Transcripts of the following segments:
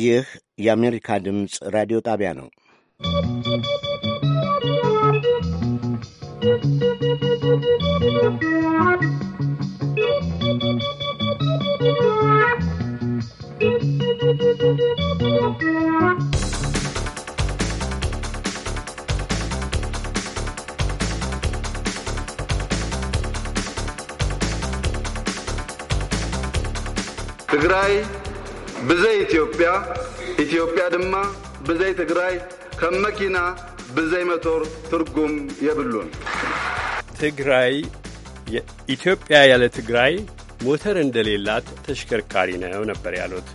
ይህ የአሜሪካ ድምፅ ራዲዮ ጣቢያ ነው። ትግራይ ብዘይ ኢትዮጵያ ኢትዮጵያ ድማ ብዘይ ትግራይ ከም መኪና ብዘይ መቶር ትርጉም የብሉን። ትግራይ ኢትዮጵያ ያለ ትግራይ ሞተር እንደሌላት ተሽከርካሪ ነው ነበር ያሉት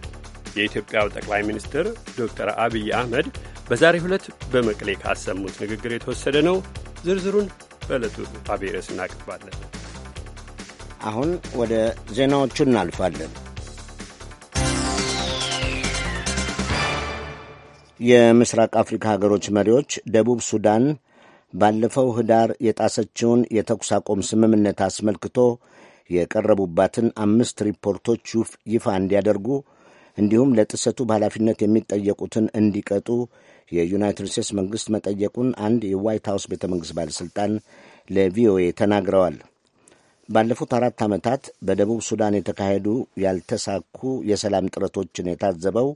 የኢትዮጵያው ጠቅላይ ሚኒስትር ዶክተር አብይ አህመድ በዛሬ ሁለት በመቅሌ ካሰሙት ንግግር የተወሰደ ነው። ዝርዝሩን በዕለቱ አብሔረስ ርዕስ እናቀርባለን። አሁን ወደ ዜናዎቹ እናልፋለን። የምስራቅ አፍሪካ ሀገሮች መሪዎች ደቡብ ሱዳን ባለፈው ህዳር የጣሰችውን የተኩስ አቁም ስምምነት አስመልክቶ የቀረቡባትን አምስት ሪፖርቶች ይፋ እንዲያደርጉ እንዲሁም ለጥሰቱ በኃላፊነት የሚጠየቁትን እንዲቀጡ የዩናይትድ ስቴትስ መንግሥት መጠየቁን አንድ የዋይት ሀውስ ቤተ መንግሥት ባለሥልጣን ለቪኦኤ ተናግረዋል። ባለፉት አራት ዓመታት በደቡብ ሱዳን የተካሄዱ ያልተሳኩ የሰላም ጥረቶችን የታዘበው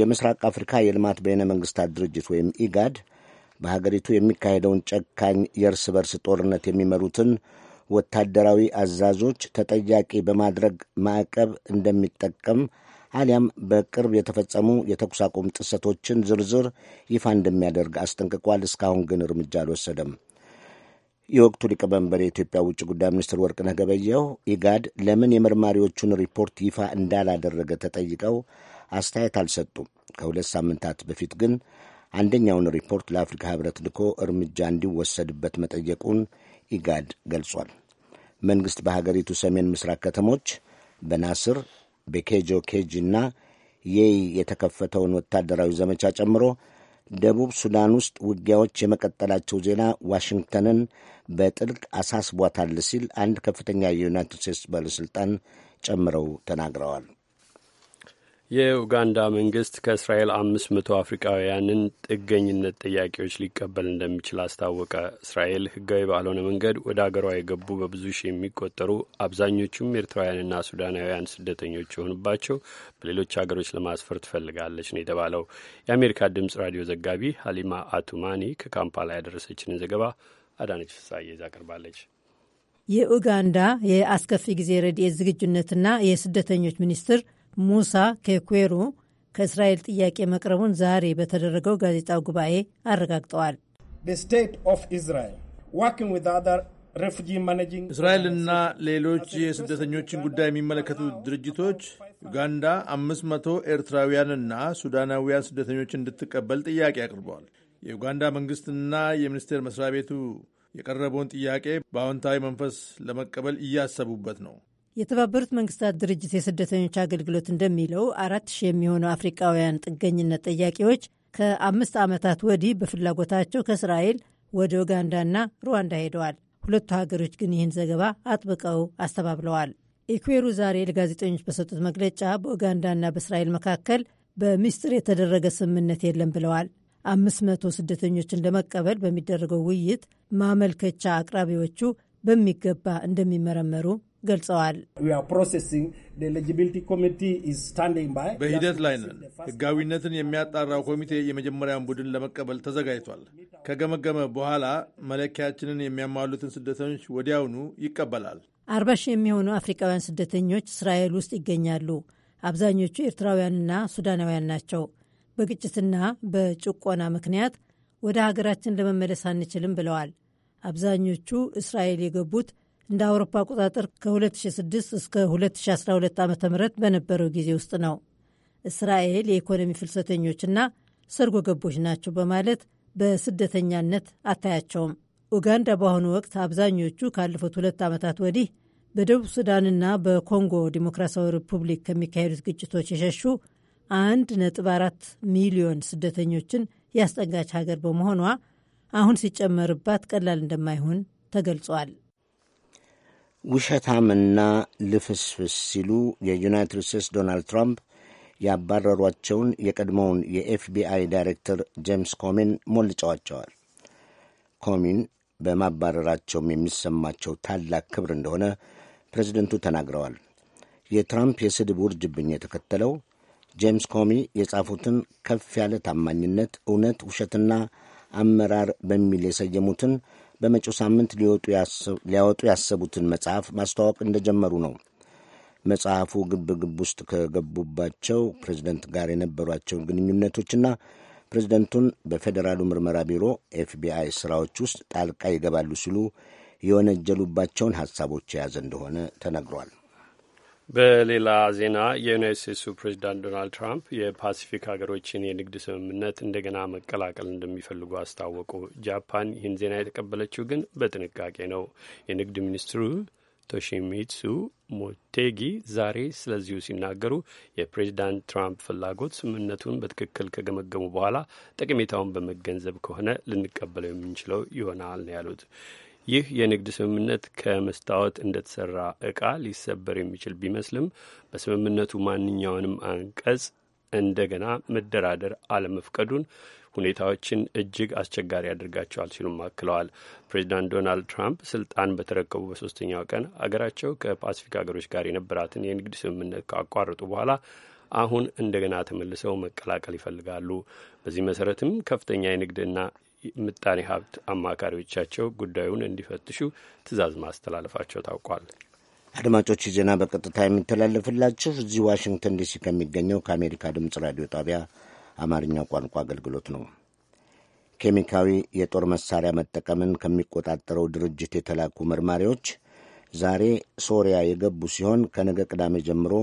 የምስራቅ አፍሪካ የልማት በይነ መንግስታት ድርጅት ወይም ኢጋድ በሀገሪቱ የሚካሄደውን ጨካኝ የእርስ በርስ ጦርነት የሚመሩትን ወታደራዊ አዛዦች ተጠያቂ በማድረግ ማዕቀብ እንደሚጠቀም አሊያም በቅርብ የተፈጸሙ የተኩስ አቁም ጥሰቶችን ዝርዝር ይፋ እንደሚያደርግ አስጠንቅቋል። እስካሁን ግን እርምጃ አልወሰደም። የወቅቱ ሊቀመንበር የኢትዮጵያ ውጭ ጉዳይ ሚኒስትር ወርቅነህ ገበየሁ ኢጋድ ለምን የመርማሪዎቹን ሪፖርት ይፋ እንዳላደረገ ተጠይቀው አስተያየት አልሰጡም። ከሁለት ሳምንታት በፊት ግን አንደኛውን ሪፖርት ለአፍሪካ ህብረት ልኮ እርምጃ እንዲወሰድበት መጠየቁን ኢጋድ ገልጿል። መንግሥት በሀገሪቱ ሰሜን ምስራቅ ከተሞች በናስር በኬጆ ኬጅ እና የይ የተከፈተውን ወታደራዊ ዘመቻ ጨምሮ ደቡብ ሱዳን ውስጥ ውጊያዎች የመቀጠላቸው ዜና ዋሽንግተንን በጥልቅ አሳስቧታል ሲል አንድ ከፍተኛ የዩናይትድ ስቴትስ ባለሥልጣን ጨምረው ተናግረዋል። የኡጋንዳ መንግስት ከእስራኤል አምስት መቶ አፍሪካውያንን ጥገኝነት ጥያቄዎች ሊቀበል እንደሚችል አስታወቀ። እስራኤል ህጋዊ ባልሆነ መንገድ ወደ አገሯ የገቡ በብዙ ሺህ የሚቆጠሩ አብዛኞቹም ኤርትራውያንና ሱዳናውያን ስደተኞች የሆኑባቸው በሌሎች ሀገሮች ለማስፈር ትፈልጋለች ነው የተባለው። የአሜሪካ ድምጽ ራዲዮ ዘጋቢ ሀሊማ አቱማኒ ከካምፓላ ያደረሰችንን ዘገባ አዳነች ፍሳዬ ይዛ ቀርባለች። የኡጋንዳ የአስከፊ ጊዜ ረድኤት ዝግጁነትና የስደተኞች ሚኒስትር ሙሳ ኬኩዌሩ ከእስራኤል ጥያቄ መቅረቡን ዛሬ በተደረገው ጋዜጣው ጉባኤ አረጋግጠዋል። እስራኤልና ሌሎች የስደተኞችን ጉዳይ የሚመለከቱ ድርጅቶች ዩጋንዳ 500 መቶ ኤርትራውያንና ሱዳናዊያን ስደተኞች እንድትቀበል ጥያቄ አቅርበዋል። የዩጋንዳ መንግስትና የሚኒስቴር መስሪያ ቤቱ የቀረበውን ጥያቄ በአዎንታዊ መንፈስ ለመቀበል እያሰቡበት ነው። የተባበሩት መንግስታት ድርጅት የስደተኞች አገልግሎት እንደሚለው አራት ሺህ የሚሆኑ አፍሪቃውያን ጥገኝነት ጠያቂዎች ከአምስት ዓመታት ወዲህ በፍላጎታቸው ከእስራኤል ወደ ኡጋንዳና ሩዋንዳ ሄደዋል። ሁለቱ ሀገሮች ግን ይህን ዘገባ አጥብቀው አስተባብለዋል። ኢኩዌሩ ዛሬ ለጋዜጠኞች በሰጡት መግለጫ በኡጋንዳና በእስራኤል መካከል በሚስጥር የተደረገ ስምምነት የለም ብለዋል። አምስት መቶ ስደተኞችን ለመቀበል በሚደረገው ውይይት ማመልከቻ አቅራቢዎቹ በሚገባ እንደሚመረመሩ ገልጸዋል። በሂደት ላይ ነን። ህጋዊነትን የሚያጣራው ኮሚቴ የመጀመሪያውን ቡድን ለመቀበል ተዘጋጅቷል። ከገመገመ በኋላ መለኪያችንን የሚያሟሉትን ስደተኞች ወዲያውኑ ይቀበላል። አርባ ሺህ የሚሆኑ አፍሪካውያን ስደተኞች እስራኤል ውስጥ ይገኛሉ። አብዛኞቹ ኤርትራውያንና ሱዳናውያን ናቸው። በግጭትና በጭቆና ምክንያት ወደ ሀገራችን ለመመለስ አንችልም ብለዋል። አብዛኞቹ እስራኤል የገቡት እንደ አውሮፓ አቆጣጠር ከ2006 እስከ 2012 ዓ ም በነበረው ጊዜ ውስጥ ነው። እስራኤል የኢኮኖሚ ፍልሰተኞችና ሰርጎ ገቦች ናቸው በማለት በስደተኛነት አታያቸውም። ኡጋንዳ በአሁኑ ወቅት አብዛኞቹ ካለፉት ሁለት ዓመታት ወዲህ በደቡብ ሱዳንና በኮንጎ ዲሞክራሲያዊ ሪፑብሊክ ከሚካሄዱት ግጭቶች የሸሹ 1.4 ሚሊዮን ስደተኞችን ያስጠጋች ሀገር በመሆኗ አሁን ሲጨመርባት ቀላል እንደማይሆን ተገልጿል። ውሸታምና ልፍስፍስ ሲሉ የዩናይትድ ስቴትስ ዶናልድ ትራምፕ ያባረሯቸውን የቀድሞውን የኤፍቢአይ ዳይሬክተር ጄምስ ኮሚን ሞልጨዋቸዋል። ኮሚን በማባረራቸውም የሚሰማቸው ታላቅ ክብር እንደሆነ ፕሬዚደንቱ ተናግረዋል። የትራምፕ የስድብ ውርጅብኝ የተከተለው ጄምስ ኮሚ የጻፉትን ከፍ ያለ ታማኝነት፣ እውነት፣ ውሸትና አመራር በሚል የሰየሙትን በመጪው ሳምንት ሊያወጡ ያሰቡትን መጽሐፍ ማስተዋወቅ እንደጀመሩ ነው። መጽሐፉ ግብ ግብ ውስጥ ከገቡባቸው ፕሬዚደንት ጋር የነበሯቸውን ግንኙነቶችና ፕሬዚደንቱን በፌዴራሉ ምርመራ ቢሮ ኤፍቢአይ ስራዎች ውስጥ ጣልቃ ይገባሉ ሲሉ የወነጀሉባቸውን ሐሳቦች የያዘ እንደሆነ ተነግሯል። በሌላ ዜና የዩናይት ስቴትሱ ፕሬዚዳንት ዶናልድ ትራምፕ የፓሲፊክ ሀገሮችን የንግድ ስምምነት እንደገና መቀላቀል እንደሚፈልጉ አስታወቁ። ጃፓን ይህን ዜና የተቀበለችው ግን በጥንቃቄ ነው። የንግድ ሚኒስትሩ ቶሺሚትሱ ሞቴጊ ዛሬ ስለዚሁ ሲናገሩ የፕሬዚዳንት ትራምፕ ፍላጎት ስምምነቱን በትክክል ከገመገሙ በኋላ ጠቀሜታውን በመገንዘብ ከሆነ ልንቀበለው የምንችለው ይሆናል ነው ያሉት። ይህ የንግድ ስምምነት ከመስታወት እንደተሰራ እቃ ሊሰበር የሚችል ቢመስልም በስምምነቱ ማንኛውንም አንቀጽ እንደገና መደራደር አለመፍቀዱን ሁኔታዎችን እጅግ አስቸጋሪ ያደርጋቸዋል ሲሉም አክለዋል። ፕሬዚዳንት ዶናልድ ትራምፕ ስልጣን በተረከቡ በሶስተኛው ቀን አገራቸው ከፓሲፊክ ሀገሮች ጋር የነበራትን የንግድ ስምምነት ካቋረጡ በኋላ አሁን እንደገና ተመልሰው መቀላቀል ይፈልጋሉ። በዚህ መሰረትም ከፍተኛ የንግድና ምጣኔ ሀብት አማካሪዎቻቸው ጉዳዩን እንዲፈትሹ ትዕዛዝ ማስተላለፋቸው ታውቋል። አድማጮች ዜና በቀጥታ የሚተላለፍላችሁ እዚህ ዋሽንግተን ዲሲ ከሚገኘው ከአሜሪካ ድምፅ ራዲዮ ጣቢያ አማርኛ ቋንቋ አገልግሎት ነው። ኬሚካዊ የጦር መሳሪያ መጠቀምን ከሚቆጣጠረው ድርጅት የተላኩ መርማሪዎች ዛሬ ሶሪያ የገቡ ሲሆን ከነገ ቅዳሜ ጀምሮ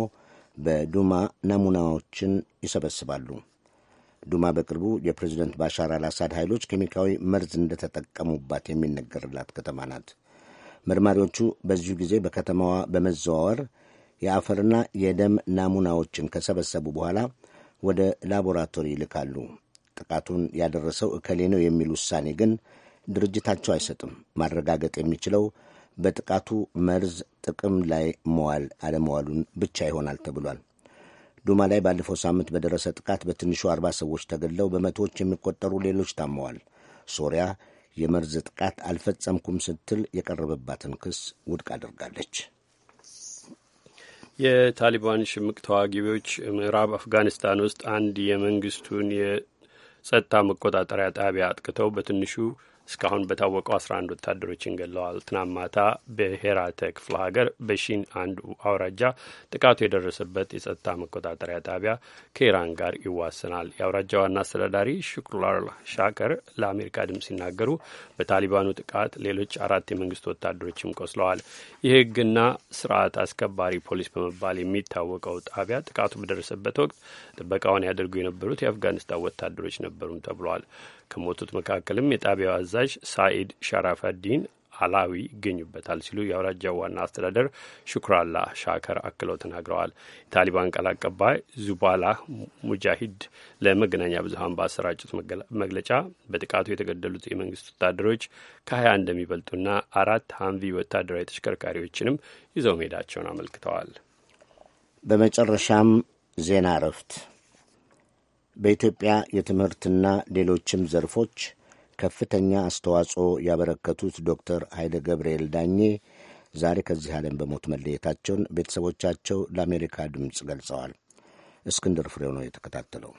በዱማ ናሙናዎችን ይሰበስባሉ። ዱማ በቅርቡ የፕሬዚደንት ባሻር አልአሳድ ኃይሎች ኬሚካዊ መርዝ እንደተጠቀሙባት የሚነገርላት ከተማ ናት። መርማሪዎቹ በዚሁ ጊዜ በከተማዋ በመዘዋወር የአፈርና የደም ናሙናዎችን ከሰበሰቡ በኋላ ወደ ላቦራቶሪ ይልካሉ። ጥቃቱን ያደረሰው እከሌ ነው የሚል ውሳኔ ግን ድርጅታቸው አይሰጥም። ማረጋገጥ የሚችለው በጥቃቱ መርዝ ጥቅም ላይ መዋል አለመዋሉን ብቻ ይሆናል ተብሏል። ዱማ ላይ ባለፈው ሳምንት በደረሰ ጥቃት በትንሹ አርባ ሰዎች ተገድለው በመቶዎች የሚቆጠሩ ሌሎች ታመዋል። ሶሪያ የመርዝ ጥቃት አልፈጸምኩም ስትል የቀረበባትን ክስ ውድቅ አድርጋለች። የታሊባን ሽምቅ ተዋጊዎች ምዕራብ አፍጋኒስታን ውስጥ አንድ የመንግስቱን የጸጥታ መቆጣጠሪያ ጣቢያ አጥቅተው በትንሹ እስካሁን በታወቀው 11 ወታደሮችን ገለዋል። ትናንት ማታ በሄራተ ክፍለ ሀገር በሺን አንድ አውራጃ ጥቃቱ የደረሰበት የጸጥታ መቆጣጠሪያ ጣቢያ ከኢራን ጋር ይዋሰናል። የአውራጃ ዋና አስተዳዳሪ ሹክሩላል ሻከር ለአሜሪካ ድምፅ ሲናገሩ በታሊባኑ ጥቃት ሌሎች አራት የመንግስት ወታደሮችም ቆስለዋል። የህግና ስርዓት አስከባሪ ፖሊስ በመባል የሚታወቀው ጣቢያ ጥቃቱ በደረሰበት ወቅት ጥበቃውን ያደርጉ የነበሩት የአፍጋኒስታን ወታደሮች ነበሩም ተብሏል። ከሞቱት መካከልም የጣቢያው አዛዥ ሳኢድ ሻራፋዲን አላዊ ይገኙበታል ሲሉ የአውራጃው ዋና አስተዳደር ሹክራላ ሻከር አክለው ተናግረዋል። የታሊባን ቃል አቀባይ ዙባላ ሙጃሂድ ለመገናኛ ብዙኃን ባሰራጩት መግለጫ በጥቃቱ የተገደሉት የመንግስት ወታደሮች ከሀያ እንደሚበልጡና አራት ሀንቪ ወታደራዊ ተሽከርካሪዎችንም ይዘው መሄዳቸውን አመልክተዋል። በመጨረሻም ዜና እረፍት በኢትዮጵያ የትምህርትና ሌሎችም ዘርፎች ከፍተኛ አስተዋጽኦ ያበረከቱት ዶክተር ኃይለ ገብርኤል ዳኜ ዛሬ ከዚህ ዓለም በሞት መለየታቸውን ቤተሰቦቻቸው ለአሜሪካ ድምፅ ገልጸዋል። እስክንድር ፍሬው ነው የተከታተለው።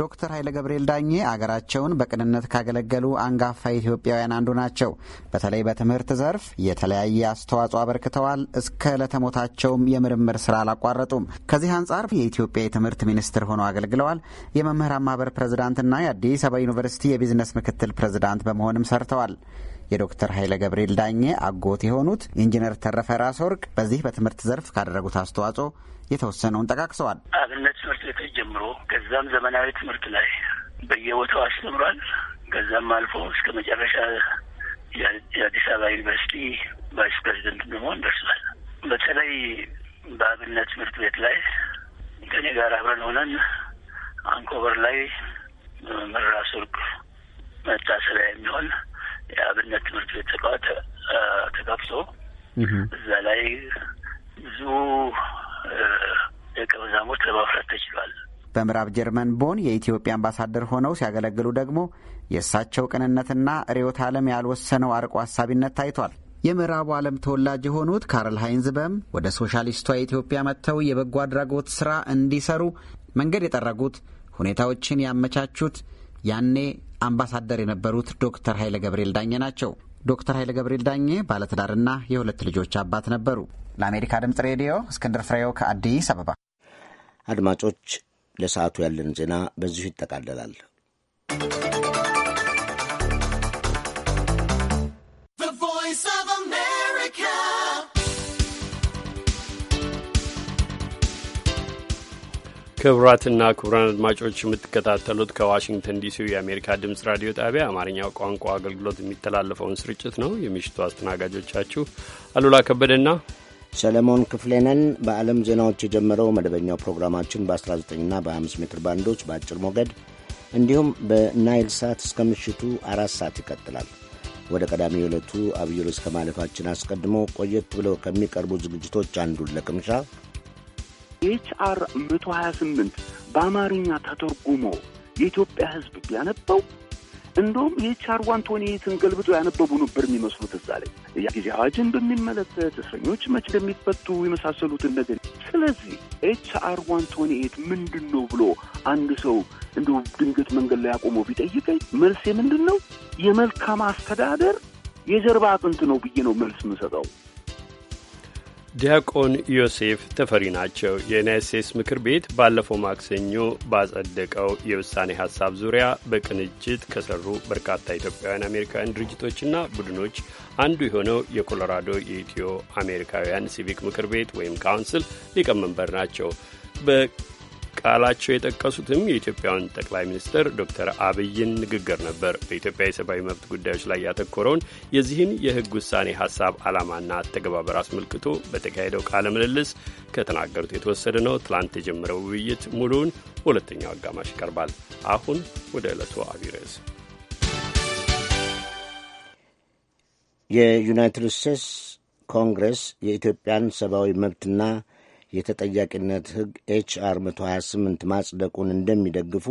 ዶክተር ኃይለ ገብርኤል ዳኜ አገራቸውን በቅንነት ካገለገሉ አንጋፋ ኢትዮጵያውያን አንዱ ናቸው። በተለይ በትምህርት ዘርፍ የተለያየ አስተዋጽኦ አበርክተዋል። እስከ ለተሞታቸውም የምርምር ስራ አላቋረጡም። ከዚህ አንጻር የኢትዮጵያ የትምህርት ሚኒስትር ሆነው አገልግለዋል። የመምህራን ማህበር ፕሬዝዳንትና የአዲስ አበባ ዩኒቨርሲቲ የቢዝነስ ምክትል ፕሬዝዳንት በመሆንም ሰርተዋል። የዶክተር ኃይለ ገብርኤል ዳኜ አጎት የሆኑት ኢንጂነር ተረፈ ራስ ወርቅ በዚህ በትምህርት ዘርፍ ካደረጉት አስተዋጽኦ የተወሰነውን ጠቃቅሰዋል። አብነት ሴቶች ጀምሮ ከዛም ዘመናዊ ትምህርት ላይ በየቦታው አስተምሯል። ከዛም አልፎ እስከ መጨረሻ የአዲስ አበባ ዩኒቨርሲቲ ቫይስ ፕሬዚደንት በመሆን ደርሷል። በተለይ በአብነት ትምህርት ቤት ላይ ከኔ ጋር አብረን ሆነን አንኮበር ላይ መራ ሱርቅ መታሰቢያ የሚሆን የአብነት ትምህርት ቤት ተቃዋት እዛ ላይ ብዙ ደቀ መዛሙርት ለማፍራት ተችሏል። በምዕራብ ጀርመን ቦን የኢትዮጵያ አምባሳደር ሆነው ሲያገለግሉ ደግሞ የእሳቸው ቅንነትና ርዕዮተ ዓለም ያልወሰነው አርቆ ሀሳቢነት ታይቷል። የምዕራቡ ዓለም ተወላጅ የሆኑት ካርል ሃይንዝ በም ወደ ሶሻሊስቷ ኢትዮጵያ መጥተው የበጎ አድራጎት ሥራ እንዲሰሩ መንገድ የጠረጉት ሁኔታዎችን ያመቻቹት ያኔ አምባሳደር የነበሩት ዶክተር ኃይለ ገብርኤል ዳኘ ናቸው። ዶክተር ኃይለ ገብርኤል ዳኘ ባለትዳርና የሁለት ልጆች አባት ነበሩ። ለአሜሪካ ድምፅ ሬዲዮ እስክንድር ፍሬው ከአዲስ አበባ አድማጮች፣ ለሰዓቱ ያለን ዜና በዚሁ ይጠቃለላል። ክቡራትና ክቡራን አድማጮች የምትከታተሉት ከዋሽንግተን ዲሲ የአሜሪካ ድምጽ ራዲዮ ጣቢያ አማርኛው ቋንቋ አገልግሎት የሚተላለፈውን ስርጭት ነው። የምሽቱ አስተናጋጆቻችሁ አሉላ ከበደና ሰለሞን ክፍሌነን በዓለም ዜናዎች የጀመረው መደበኛው ፕሮግራማችን በ19ና በ5 ሜትር ባንዶች በአጭር ሞገድ እንዲሁም በናይል ሳት እስከ ምሽቱ አራት ሰዓት ይቀጥላል። ወደ ቀዳሚ የዕለቱ አብይ ርዕስ ከማለፋችን አስቀድሞ ቆየት ብለው ከሚቀርቡ ዝግጅቶች አንዱን ለቅምሻ ኤችአር 128 በአማርኛ ተተርጉሞ የኢትዮጵያ ሕዝብ ቢያነበው እንደውም የኤችአር ዋን ቶኒትን ገልብጦ ያነበቡ ነበር የሚመስሉት እዛ ላይ ያ ጊዜ አዋጅን በሚመለከት እስረኞች መች እንደሚፈቱ የመሳሰሉትን ነገር። ስለዚህ ኤችአር ዋን ቶኒኤት ምንድን ነው ብሎ አንድ ሰው እንዲሁ ድንገት መንገድ ላይ አቆሞ ቢጠይቀኝ መልሴ ምንድን ነው? የመልካም አስተዳደር የጀርባ አጥንት ነው ብዬ ነው መልስ የምሰጠው። ዲያቆን ዮሴፍ ተፈሪ ናቸው። የዩናይት ስቴትስ ምክር ቤት ባለፈው ማክሰኞ ባጸደቀው የውሳኔ ሀሳብ ዙሪያ በቅንጅት ከሰሩ በርካታ ኢትዮጵያውያን አሜሪካውያን ድርጅቶችና ቡድኖች አንዱ የሆነው የኮሎራዶ የኢትዮ አሜሪካውያን ሲቪክ ምክር ቤት ወይም ካውንስል ሊቀመንበር ናቸው። ቃላቸው የጠቀሱትም የኢትዮጵያውን ጠቅላይ ሚኒስትር ዶክተር አብይን ንግግር ነበር። በኢትዮጵያ የሰብአዊ መብት ጉዳዮች ላይ ያተኮረውን የዚህን የህግ ውሳኔ ሀሳብ ዓላማና አተገባበር አስመልክቶ በተካሄደው ቃለ ምልልስ ከተናገሩት የተወሰደ ነው። ትላንት የጀመረው ውይይት ሙሉውን በሁለተኛው አጋማሽ ይቀርባል። አሁን ወደ ዕለቱ አብይ ርዕስ የዩናይትድ ስቴትስ ኮንግረስ የኢትዮጵያን ሰብአዊ መብትና የተጠያቂነት ሕግ ኤችአር 128 ማጽደቁን እንደሚደግፉ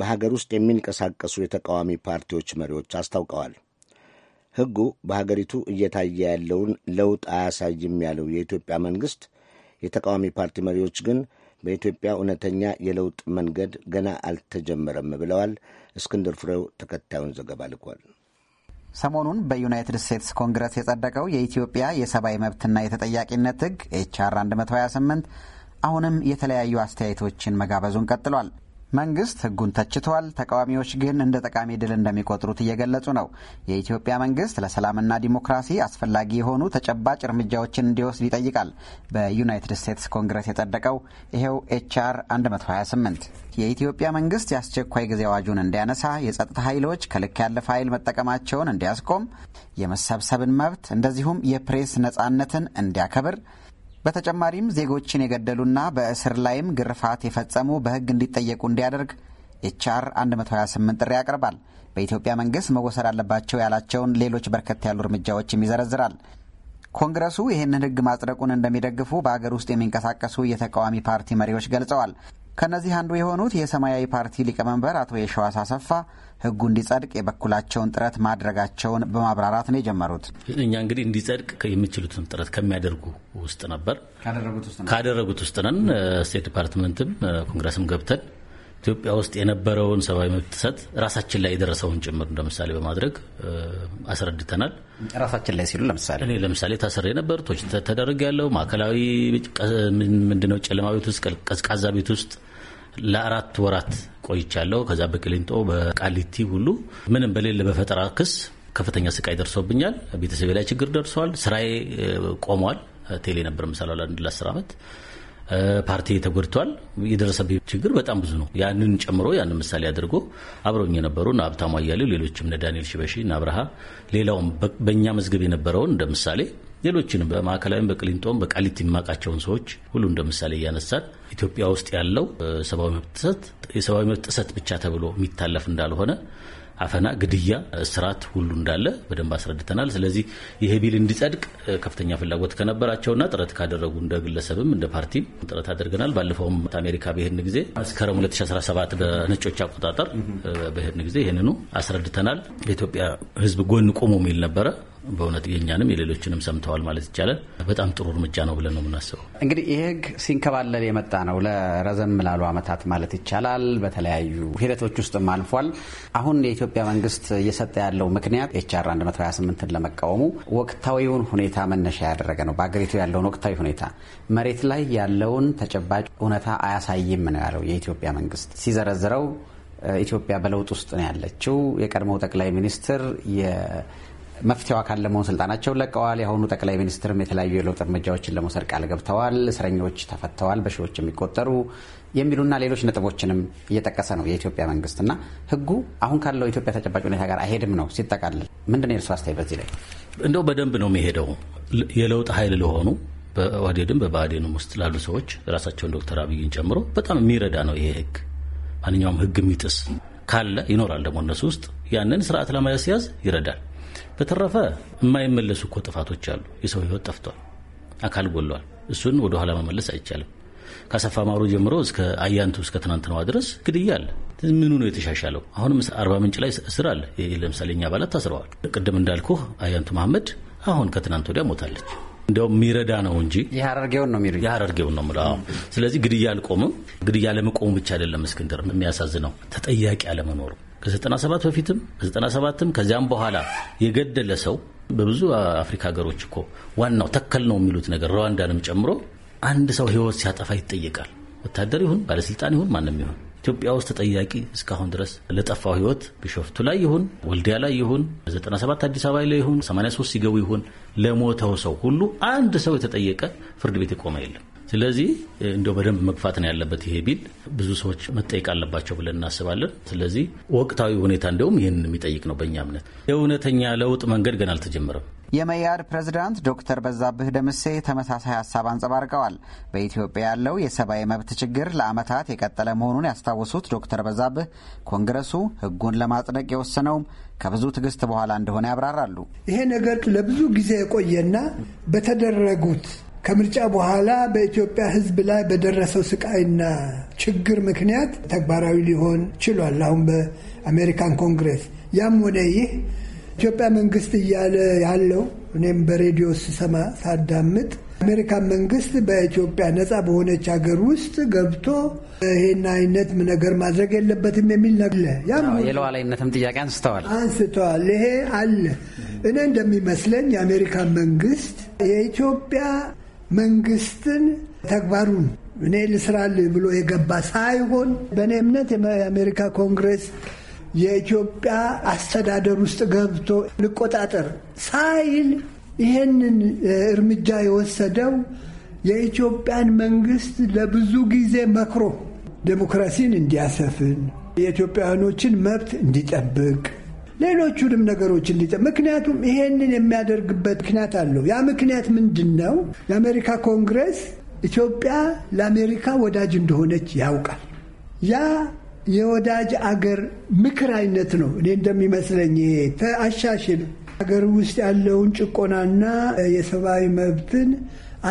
በሀገር ውስጥ የሚንቀሳቀሱ የተቃዋሚ ፓርቲዎች መሪዎች አስታውቀዋል። ሕጉ በሀገሪቱ እየታየ ያለውን ለውጥ አያሳይም ያለው የኢትዮጵያ መንግሥት፣ የተቃዋሚ ፓርቲ መሪዎች ግን በኢትዮጵያ እውነተኛ የለውጥ መንገድ ገና አልተጀመረም ብለዋል። እስክንድር ፍሬው ተከታዩን ዘገባ ልኳል። ሰሞኑን በዩናይትድ ስቴትስ ኮንግረስ የጸደቀው የኢትዮጵያ የሰብአዊ መብትና የተጠያቂነት ህግ ኤችአር 128 አሁንም የተለያዩ አስተያየቶችን መጋበዙን ቀጥሏል። መንግስት ህጉን ተችቷል። ተቃዋሚዎች ግን እንደ ጠቃሚ ድል እንደሚቆጥሩት እየገለጹ ነው። የኢትዮጵያ መንግስት ለሰላምና ዲሞክራሲ አስፈላጊ የሆኑ ተጨባጭ እርምጃዎችን እንዲወስድ ይጠይቃል። በዩናይትድ ስቴትስ ኮንግረስ የጸደቀው ይሄው ኤችአር 128 የኢትዮጵያ መንግስት የአስቸኳይ ጊዜ አዋጁን እንዲያነሳ፣ የጸጥታ ኃይሎች ከልክ ያለፈ ኃይል መጠቀማቸውን እንዲያስቆም፣ የመሰብሰብን መብት እንደዚሁም የፕሬስ ነጻነትን እንዲያከብር በተጨማሪም ዜጎችን የገደሉና በእስር ላይም ግርፋት የፈጸሙ በሕግ እንዲጠየቁ እንዲያደርግ ኤችአር 128 ጥሪ ያቀርባል። በኢትዮጵያ መንግስት መወሰድ አለባቸው ያላቸውን ሌሎች በርከት ያሉ እርምጃዎችም ይዘረዝራል። ኮንግረሱ ይህንን ህግ ማጽደቁን እንደሚደግፉ በአገር ውስጥ የሚንቀሳቀሱ የተቃዋሚ ፓርቲ መሪዎች ገልጸዋል። ከእነዚህ አንዱ የሆኑት የሰማያዊ ፓርቲ ሊቀመንበር አቶ የሸዋስ አሰፋ ሕጉ እንዲጸድቅ የበኩላቸውን ጥረት ማድረጋቸውን በማብራራት ነው የጀመሩት። እኛ እንግዲህ እንዲጸድቅ የሚችሉትን ጥረት ከሚያደርጉ ውስጥ ነበር ካደረጉት ውስጥ ነን። ስቴት ዲፓርትመንትም ኮንግረስም ገብተን ኢትዮጵያ ውስጥ የነበረውን ሰብአዊ መብት ጥሰት ራሳችን ላይ የደረሰውን ጭምር እንደምሳሌ በማድረግ አስረድተናል። ራሳችን ላይ ሲሉ ለምሳሌ እኔ ለምሳሌ ታስሬ ነበር፣ ቶች ተደረግ ያለው ማዕከላዊ ምንድነው ጨለማ ቤት ውስጥ ቀዝቃዛ ቤት ውስጥ ለአራት ወራት ቆይቻለሁ። ከዛ በቅሊንጦ በቃሊቲ ሁሉ ምንም በሌለ በፈጠራ ክስ ከፍተኛ ስቃይ ደርሶብኛል። ቤተሰቤ ላይ ችግር ደርሷል። ስራዬ ቆሟል። ቴሌ ነበር ምሳሌ ለአንድ ለአስር ዓመት ፓርቲ ተጎድቷል። የደረሰብኝ ችግር በጣም ብዙ ነው። ያንን ጨምሮ ያን ምሳሌ አድርጎ አብረውኝ የነበሩ እነ ሀብታሙ አያሌው፣ ሌሎችም እነ ዳንኤል ሽበሺ፣ እነ አብርሃ ሌላውም በእኛ መዝገብ የነበረውን እንደ ምሳሌ ሌሎችንም በማዕከላዊም በቅሊንጦም በቃሊት የሚማቃቸውን ሰዎች ሁሉ እንደ ምሳሌ እያነሳን ኢትዮጵያ ውስጥ ያለው ሰብአዊ መብት ጥሰት የሰብአዊ መብት ጥሰት ብቻ ተብሎ የሚታለፍ እንዳልሆነ አፈና፣ ግድያ፣ እስራት ሁሉ እንዳለ በደንብ አስረድተናል። ስለዚህ ይሄ ቢል እንዲጸድቅ ከፍተኛ ፍላጎት ከነበራቸውና ጥረት ካደረጉ እንደ ግለሰብም እንደ ፓርቲም ጥረት አድርገናል። ባለፈውም አሜሪካ በሄድን ጊዜ መስከረም 2017 በነጮች አቆጣጠር በሄድን ጊዜ ይህንኑ አስረድተናል። ከኢትዮጵያ ሕዝብ ጎን ቁሙ የሚል ነበረ። በእውነት የእኛንም የሌሎችንም ሰምተዋል ማለት ይቻላል። በጣም ጥሩ እርምጃ ነው ብለን ነው የምናስበው። እንግዲህ ይህ ህግ ሲንከባለል የመጣ ነው ለረዘም ላሉ አመታት ማለት ይቻላል። በተለያዩ ሂደቶች ውስጥም አልፏል። አሁን የኢትዮጵያ መንግስት እየሰጠ ያለው ምክንያት ኤችአር 128ን ለመቃወሙ ወቅታዊውን ሁኔታ መነሻ ያደረገ ነው። በአገሪቱ ያለውን ወቅታዊ ሁኔታ መሬት ላይ ያለውን ተጨባጭ እውነታ አያሳይም ነው ያለው የኢትዮጵያ መንግስት ሲዘረዝረው ኢትዮጵያ በለውጥ ውስጥ ነው ያለችው። የቀድሞው ጠቅላይ ሚኒስትር መፍትሄው አካል ለመሆን ስልጣናቸውን ለቀዋል። የአሁኑ ጠቅላይ ሚኒስትርም የተለያዩ የለውጥ እርምጃዎችን ለመውሰድ ቃል ገብተዋል። እስረኞች ተፈተዋል፣ በሺዎች የሚቆጠሩ የሚሉና ሌሎች ነጥቦችንም እየጠቀሰ ነው የኢትዮጵያ መንግስት እና ህጉ አሁን ካለው ኢትዮጵያ ተጨባጭ ሁኔታ ጋር አይሄድም ነው ሲጠቃልል። ምንድን ነው የእርሱ አስተያየት በዚህ ላይ? እንደው በደንብ ነው የሚሄደው። የለውጥ ኃይል ለሆኑ በኦህዴድም በብአዴንም ውስጥ ላሉ ሰዎች ራሳቸውን ዶክተር አብይን ጨምሮ በጣም የሚረዳ ነው ይሄ ህግ። ማንኛውም ህግ የሚጥስ ካለ ይኖራል ደግሞ እነሱ ውስጥ ያንን ስርዓት ለማያስያዝ ይረዳል። በተረፈ የማይመለሱ እኮ ጥፋቶች አሉ። የሰው ህይወት ጠፍቷል፣ አካል ጎሏል። እሱን ወደኋላ መመለስ አይቻልም። ከአሰፋ ማሮ ጀምሮ እስከ አያንቱ እስከ ትናንትናዋ ድረስ ግድያ አለ። ምኑ ነው የተሻሻለው? አሁንም አርባ ምንጭ ላይ እስር አለ። ለምሳሌ እኛ አባላት ታስረዋል። ቅድም እንዳልኩህ አያንቱ መሐመድ አሁን ከትናንት ወዲያ ሞታለች። እንዲያውም የሚረዳ ነው እንጂ የሀረርጌውን ነው የሀረርጌውን ነው የምለው። ስለዚህ ግድያ አልቆምም። ግድያ ለመቆሙ ብቻ አይደለም እስክንድር የሚያሳዝነው ተጠያቂ አለመኖሩ ከ97 በፊትም ከ97ም ከዚያም በኋላ የገደለ ሰው በብዙ አፍሪካ ሀገሮች እኮ ዋናው ተከል ነው የሚሉት ነገር ሩዋንዳንም ጨምሮ አንድ ሰው ህይወት ሲያጠፋ ይጠየቃል። ወታደር ይሁን ባለስልጣን ይሁን ማንም ይሁን ኢትዮጵያ ውስጥ ተጠያቂ እስካሁን ድረስ ለጠፋው ህይወት ቢሾፍቱ ላይ ይሁን ወልዲያ ላይ ይሁን 97 አዲስ አበባ ላይ ይሁን 83 ሲገቡ ይሁን ለሞተው ሰው ሁሉ አንድ ሰው የተጠየቀ ፍርድ ቤት የቆመ የለም። ስለዚህ እንዲያው በደንብ መግፋት ነው ያለበት ይሄ ቢል ብዙ ሰዎች መጠየቅ አለባቸው ብለን እናስባለን። ስለዚህ ወቅታዊ ሁኔታ እንዲሁም ይህን የሚጠይቅ ነው በእኛ እምነት። የእውነተኛ ለውጥ መንገድ ገና አልተጀመረም። የመያድ ፕሬዝዳንት ዶክተር በዛብህ ደምሴ ተመሳሳይ ሀሳብ አንጸባርቀዋል። በኢትዮጵያ ያለው የሰብአዊ መብት ችግር ለአመታት የቀጠለ መሆኑን ያስታወሱት ዶክተር በዛብህ ኮንግረሱ ህጉን ለማጽደቅ የወሰነውም ከብዙ ትዕግስት በኋላ እንደሆነ ያብራራሉ። ይሄ ነገር ለብዙ ጊዜ የቆየና በተደረጉት ከምርጫ በኋላ በኢትዮጵያ ሕዝብ ላይ በደረሰው ስቃይና ችግር ምክንያት ተግባራዊ ሊሆን ችሏል። አሁን በአሜሪካን ኮንግሬስ ያም ሆነ ይህ ኢትዮጵያ መንግስት እያለ ያለው እኔም በሬዲዮ ስሰማ ሳዳምጥ አሜሪካን መንግስት በኢትዮጵያ ነፃ በሆነች ሀገር ውስጥ ገብቶ ይሄን አይነት ነገር ማድረግ የለበትም የሚል ነገር የለዋላይነትም ጥያቄ አንስተዋል አንስተዋል። ይሄ አለ። እኔ እንደሚመስለኝ የአሜሪካን መንግስት የኢትዮጵያ መንግስትን ተግባሩን እኔ ልስራል ብሎ የገባ ሳይሆን በእኔ እምነት የአሜሪካ ኮንግረስ የኢትዮጵያ አስተዳደር ውስጥ ገብቶ ልቆጣጠር ሳይል ይህንን እርምጃ የወሰደው የኢትዮጵያን መንግስት ለብዙ ጊዜ መክሮ ዴሞክራሲን እንዲያሰፍን የኢትዮጵያውያኖችን መብት እንዲጠብቅ ሌሎቹንም ነገሮች እንዲጠ ምክንያቱም ይሄንን የሚያደርግበት ምክንያት አለው። ያ ምክንያት ምንድን ነው? የአሜሪካ ኮንግረስ ኢትዮጵያ ለአሜሪካ ወዳጅ እንደሆነች ያውቃል። ያ የወዳጅ አገር ምክር አይነት ነው። እኔ እንደሚመስለኝ ይሄ አገር ውስጥ ያለውን ጭቆናና የሰብአዊ መብትን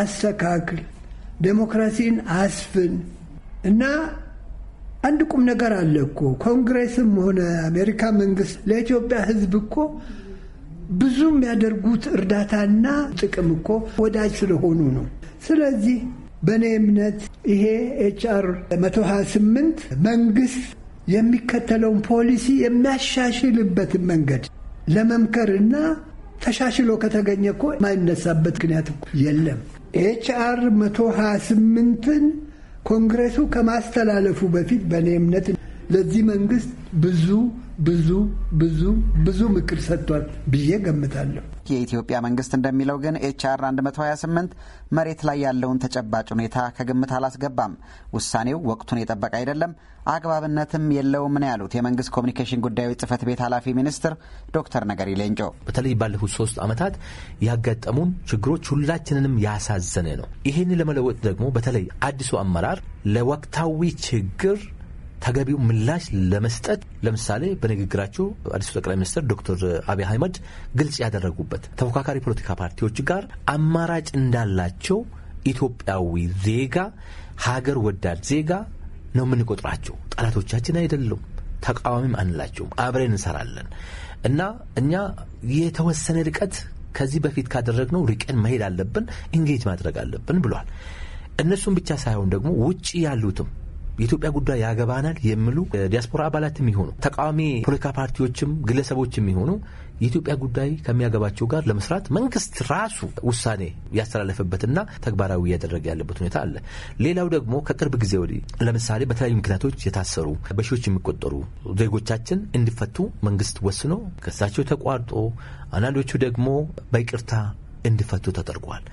አስተካክል፣ ዴሞክራሲን አስፍን እና አንድ ቁም ነገር አለ እኮ ኮንግሬስም ሆነ አሜሪካ መንግስት ለኢትዮጵያ ህዝብ እኮ ብዙ የሚያደርጉት እርዳታና ጥቅም እኮ ወዳጅ ስለሆኑ ነው። ስለዚህ በእኔ እምነት ይሄ ኤችአር 128 መንግስት የሚከተለውን ፖሊሲ የሚያሻሽልበትን መንገድ ለመምከርና ተሻሽሎ ከተገኘ እኮ የማይነሳበት ምክንያት የለም። ኤችአር 128ን ኮንግሬሱ ከማስተላለፉ በፊት በእኔ እምነት ለዚህ መንግስት ብዙ ብዙ ብዙ ብዙ ምክር ሰጥቷል ብዬ ገምታለሁ። የኢትዮጵያ መንግስት እንደሚለው ግን ኤችአር 128 መሬት ላይ ያለውን ተጨባጭ ሁኔታ ከግምት አላስገባም። ውሳኔው ወቅቱን የጠበቀ አይደለም፣ አግባብነትም የለውም ነው ያሉት የመንግስት ኮሚኒኬሽን ጉዳዮች ጽህፈት ቤት ኃላፊ ሚኒስትር ዶክተር ነገሪ ሌንጮ። በተለይ ባለፉት ሶስት ዓመታት ያጋጠሙን ችግሮች ሁላችንንም ያሳዘነ ነው። ይህን ለመለወጥ ደግሞ በተለይ አዲሱ አመራር ለወቅታዊ ችግር ተገቢው ምላሽ ለመስጠት ለምሳሌ በንግግራቸው አዲሱ ጠቅላይ ሚኒስትር ዶክተር አብይ አህመድ ግልጽ ያደረጉበት ተፎካካሪ ፖለቲካ ፓርቲዎች ጋር አማራጭ እንዳላቸው ኢትዮጵያዊ ዜጋ ሀገር ወዳድ ዜጋ ነው የምንቆጥራቸው። ጠላቶቻችን አይደሉም፣ ተቃዋሚም አንላቸውም። አብረን እንሰራለን እና እኛ የተወሰነ ርቀት ከዚህ በፊት ካደረግነው ርቀን መሄድ አለብን፣ ኢንጌጅ ማድረግ አለብን ብሏል። እነሱም ብቻ ሳይሆን ደግሞ ውጭ ያሉትም የኢትዮጵያ ጉዳይ ያገባናል የሚሉ ዲያስፖራ አባላትም ይሆኑ ተቃዋሚ ፖለቲካ ፓርቲዎችም ግለሰቦችም ይሆኑ የኢትዮጵያ ጉዳይ ከሚያገባቸው ጋር ለመስራት መንግስት ራሱ ውሳኔ ያስተላለፈበትና ተግባራዊ እያደረገ ያለበት ሁኔታ አለ። ሌላው ደግሞ ከቅርብ ጊዜ ወዲህ ለምሳሌ በተለያዩ ምክንያቶች የታሰሩ በሺዎች የሚቆጠሩ ዜጎቻችን እንዲፈቱ መንግስት ወስኖ ክሳቸው ተቋርጦ አንዳንዶቹ ደግሞ በይቅርታ እንዲፈቱ ተደርጓል።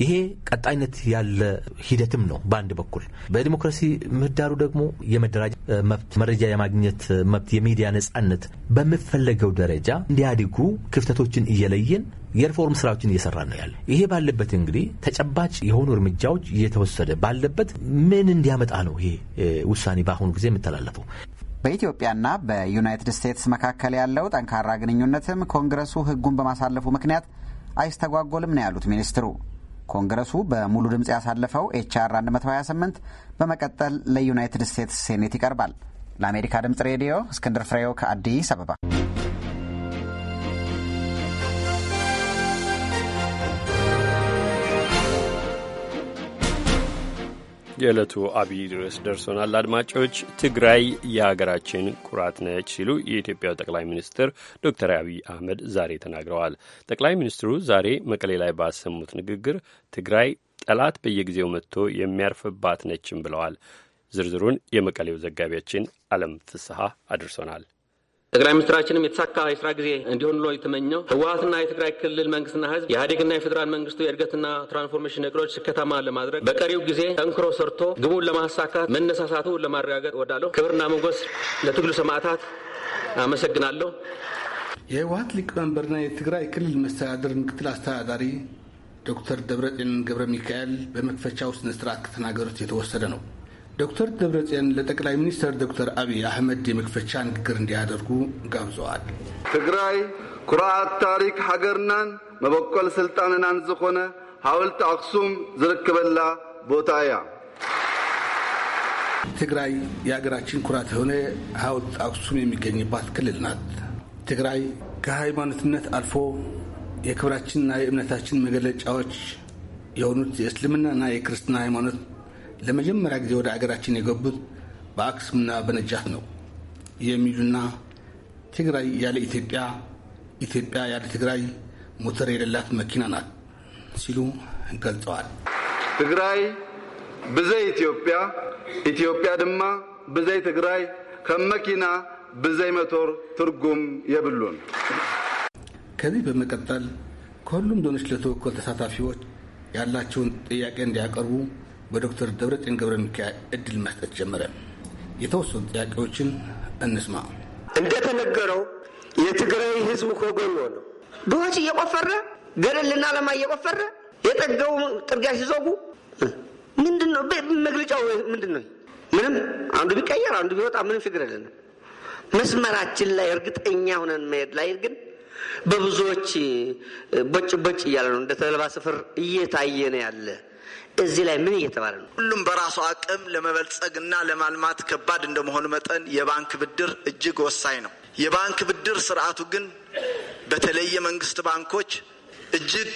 ይሄ ቀጣይነት ያለ ሂደትም ነው። በአንድ በኩል በዲሞክራሲ ምህዳሩ ደግሞ የመደራጅ መብት፣ መረጃ የማግኘት መብት፣ የሚዲያ ነጻነት በምፈለገው ደረጃ እንዲያድጉ ክፍተቶችን እየለየን የሪፎርም ስራዎችን እየሰራ ነው ያለ። ይሄ ባለበት እንግዲህ ተጨባጭ የሆኑ እርምጃዎች እየተወሰደ ባለበት ምን እንዲያመጣ ነው ይሄ ውሳኔ በአሁኑ ጊዜ የሚተላለፈው? በኢትዮጵያና በዩናይትድ ስቴትስ መካከል ያለው ጠንካራ ግንኙነትም ኮንግረሱ ህጉን በማሳለፉ ምክንያት አይስተጓጎልም ነው ያሉት ሚኒስትሩ። ኮንግረሱ በሙሉ ድምፅ ያሳለፈው ኤችአር 128 በመቀጠል ለዩናይትድ ስቴትስ ሴኔት ይቀርባል። ለአሜሪካ ድምፅ ሬዲዮ እስክንድር ፍሬው ከአዲስ አበባ የዕለቱ አብይ ርዕስ ደርሶናል። አድማጮች ትግራይ የሀገራችን ኩራት ነች ሲሉ የኢትዮጵያው ጠቅላይ ሚኒስትር ዶክተር አብይ አህመድ ዛሬ ተናግረዋል። ጠቅላይ ሚኒስትሩ ዛሬ መቀሌ ላይ ባሰሙት ንግግር ትግራይ ጠላት በየጊዜው መጥቶ የሚያርፍባት ነችም ብለዋል። ዝርዝሩን የመቀሌው ዘጋቢያችን አለም ፍስሐ አድርሶናል። ጠቅላይ ሚኒስትራችንም የተሳካ የስራ ጊዜ እንዲሆን ሎ የተመኘው ህወሀትና የትግራይ ክልል መንግስትና ህዝብ የኢህአዴግና የፌዴራል መንግስቱ የእድገትና ትራንስፎርሜሽን እቅዶች ስኬታማ ለማድረግ በቀሪው ጊዜ ጠንክሮ ሰርቶ ግቡን ለማሳካት መነሳሳቱ ለማረጋገጥ ወዳለሁ ክብርና መንጎስ ለትግሉ ሰማዕታት። አመሰግናለሁ። የህወሀት ሊቀመንበርና የትግራይ ክልል መስተዳድር ምክትል አስተዳዳሪ ዶክተር ደብረጤን ገብረ ሚካኤል በመክፈቻው ስነስርዓት ከተናገሩት የተወሰደ ነው። ዶክተር ደብረጽዮን ለጠቅላይ ሚኒስትር ዶክተር አብይ አህመድ የመክፈቻ ንግግር እንዲያደርጉ ጋብዘዋል። ትግራይ ኩርዓት ታሪክ ሃገርናን መበቆል ስልጣንናን ዝኾነ ሓወልቲ ኣክሱም ዝርክበላ ቦታ እያ። ትግራይ የሀገራችን ኩራት የሆነ ሐውልት አክሱም የሚገኝባት ክልል ናት። ትግራይ ከሃይማኖትነት አልፎ የክብራችንና የእምነታችን መገለጫዎች የሆኑት የእስልምናና የክርስትና ሃይማኖት ለመጀመሪያ ጊዜ ወደ አገራችን የገቡት በአክሱምና በነጃት ነው የሚሉና ትግራይ ያለ ኢትዮጵያ፣ ኢትዮጵያ ያለ ትግራይ ሞተር የሌላት መኪና ናት ሲሉ ገልጸዋል። ትግራይ ብዘይ ኢትዮጵያ ኢትዮጵያ ድማ ብዘይ ትግራይ ከም መኪና ብዘይ መቶር ትርጉም የብሉን። ከዚህ በመቀጠል ከሁሉም ዞኖች ለተወከሉ ተሳታፊዎች ያላቸውን ጥያቄ እንዲያቀርቡ በዶክተር ደብረጤን ገብረ ሚካኤል እድል መስጠት ጀመረ። የተወሰኑ ጥያቄዎችን እንስማ። እንደተነገረው የትግራይ ህዝብ ከጎኖ ነው። ብወጭ እየቆፈረ ገደልና ለማ እየቆፈረ የጠገቡ ጥርጊያ ሲዘጉ ምንድን ነው መግለጫው? ምንድን ነው? ምንም አንዱ ቢቀየር አንዱ ቢወጣ ምንም ችግር የለንም። መስመራችን ላይ እርግጠኛ ሆነን መሄድ ላይ ግን በብዙዎች ቦጭ ቦጭ እያለ ነው። እንደ ተልባ ስፍር እየታየ ነው ያለ እዚህ ላይ ምን እየተባለ ነው? ሁሉም በራሱ አቅም ለመበልጸግና ለማልማት ከባድ እንደመሆኑ መጠን የባንክ ብድር እጅግ ወሳኝ ነው። የባንክ ብድር ስርዓቱ ግን በተለይ የመንግስት ባንኮች እጅግ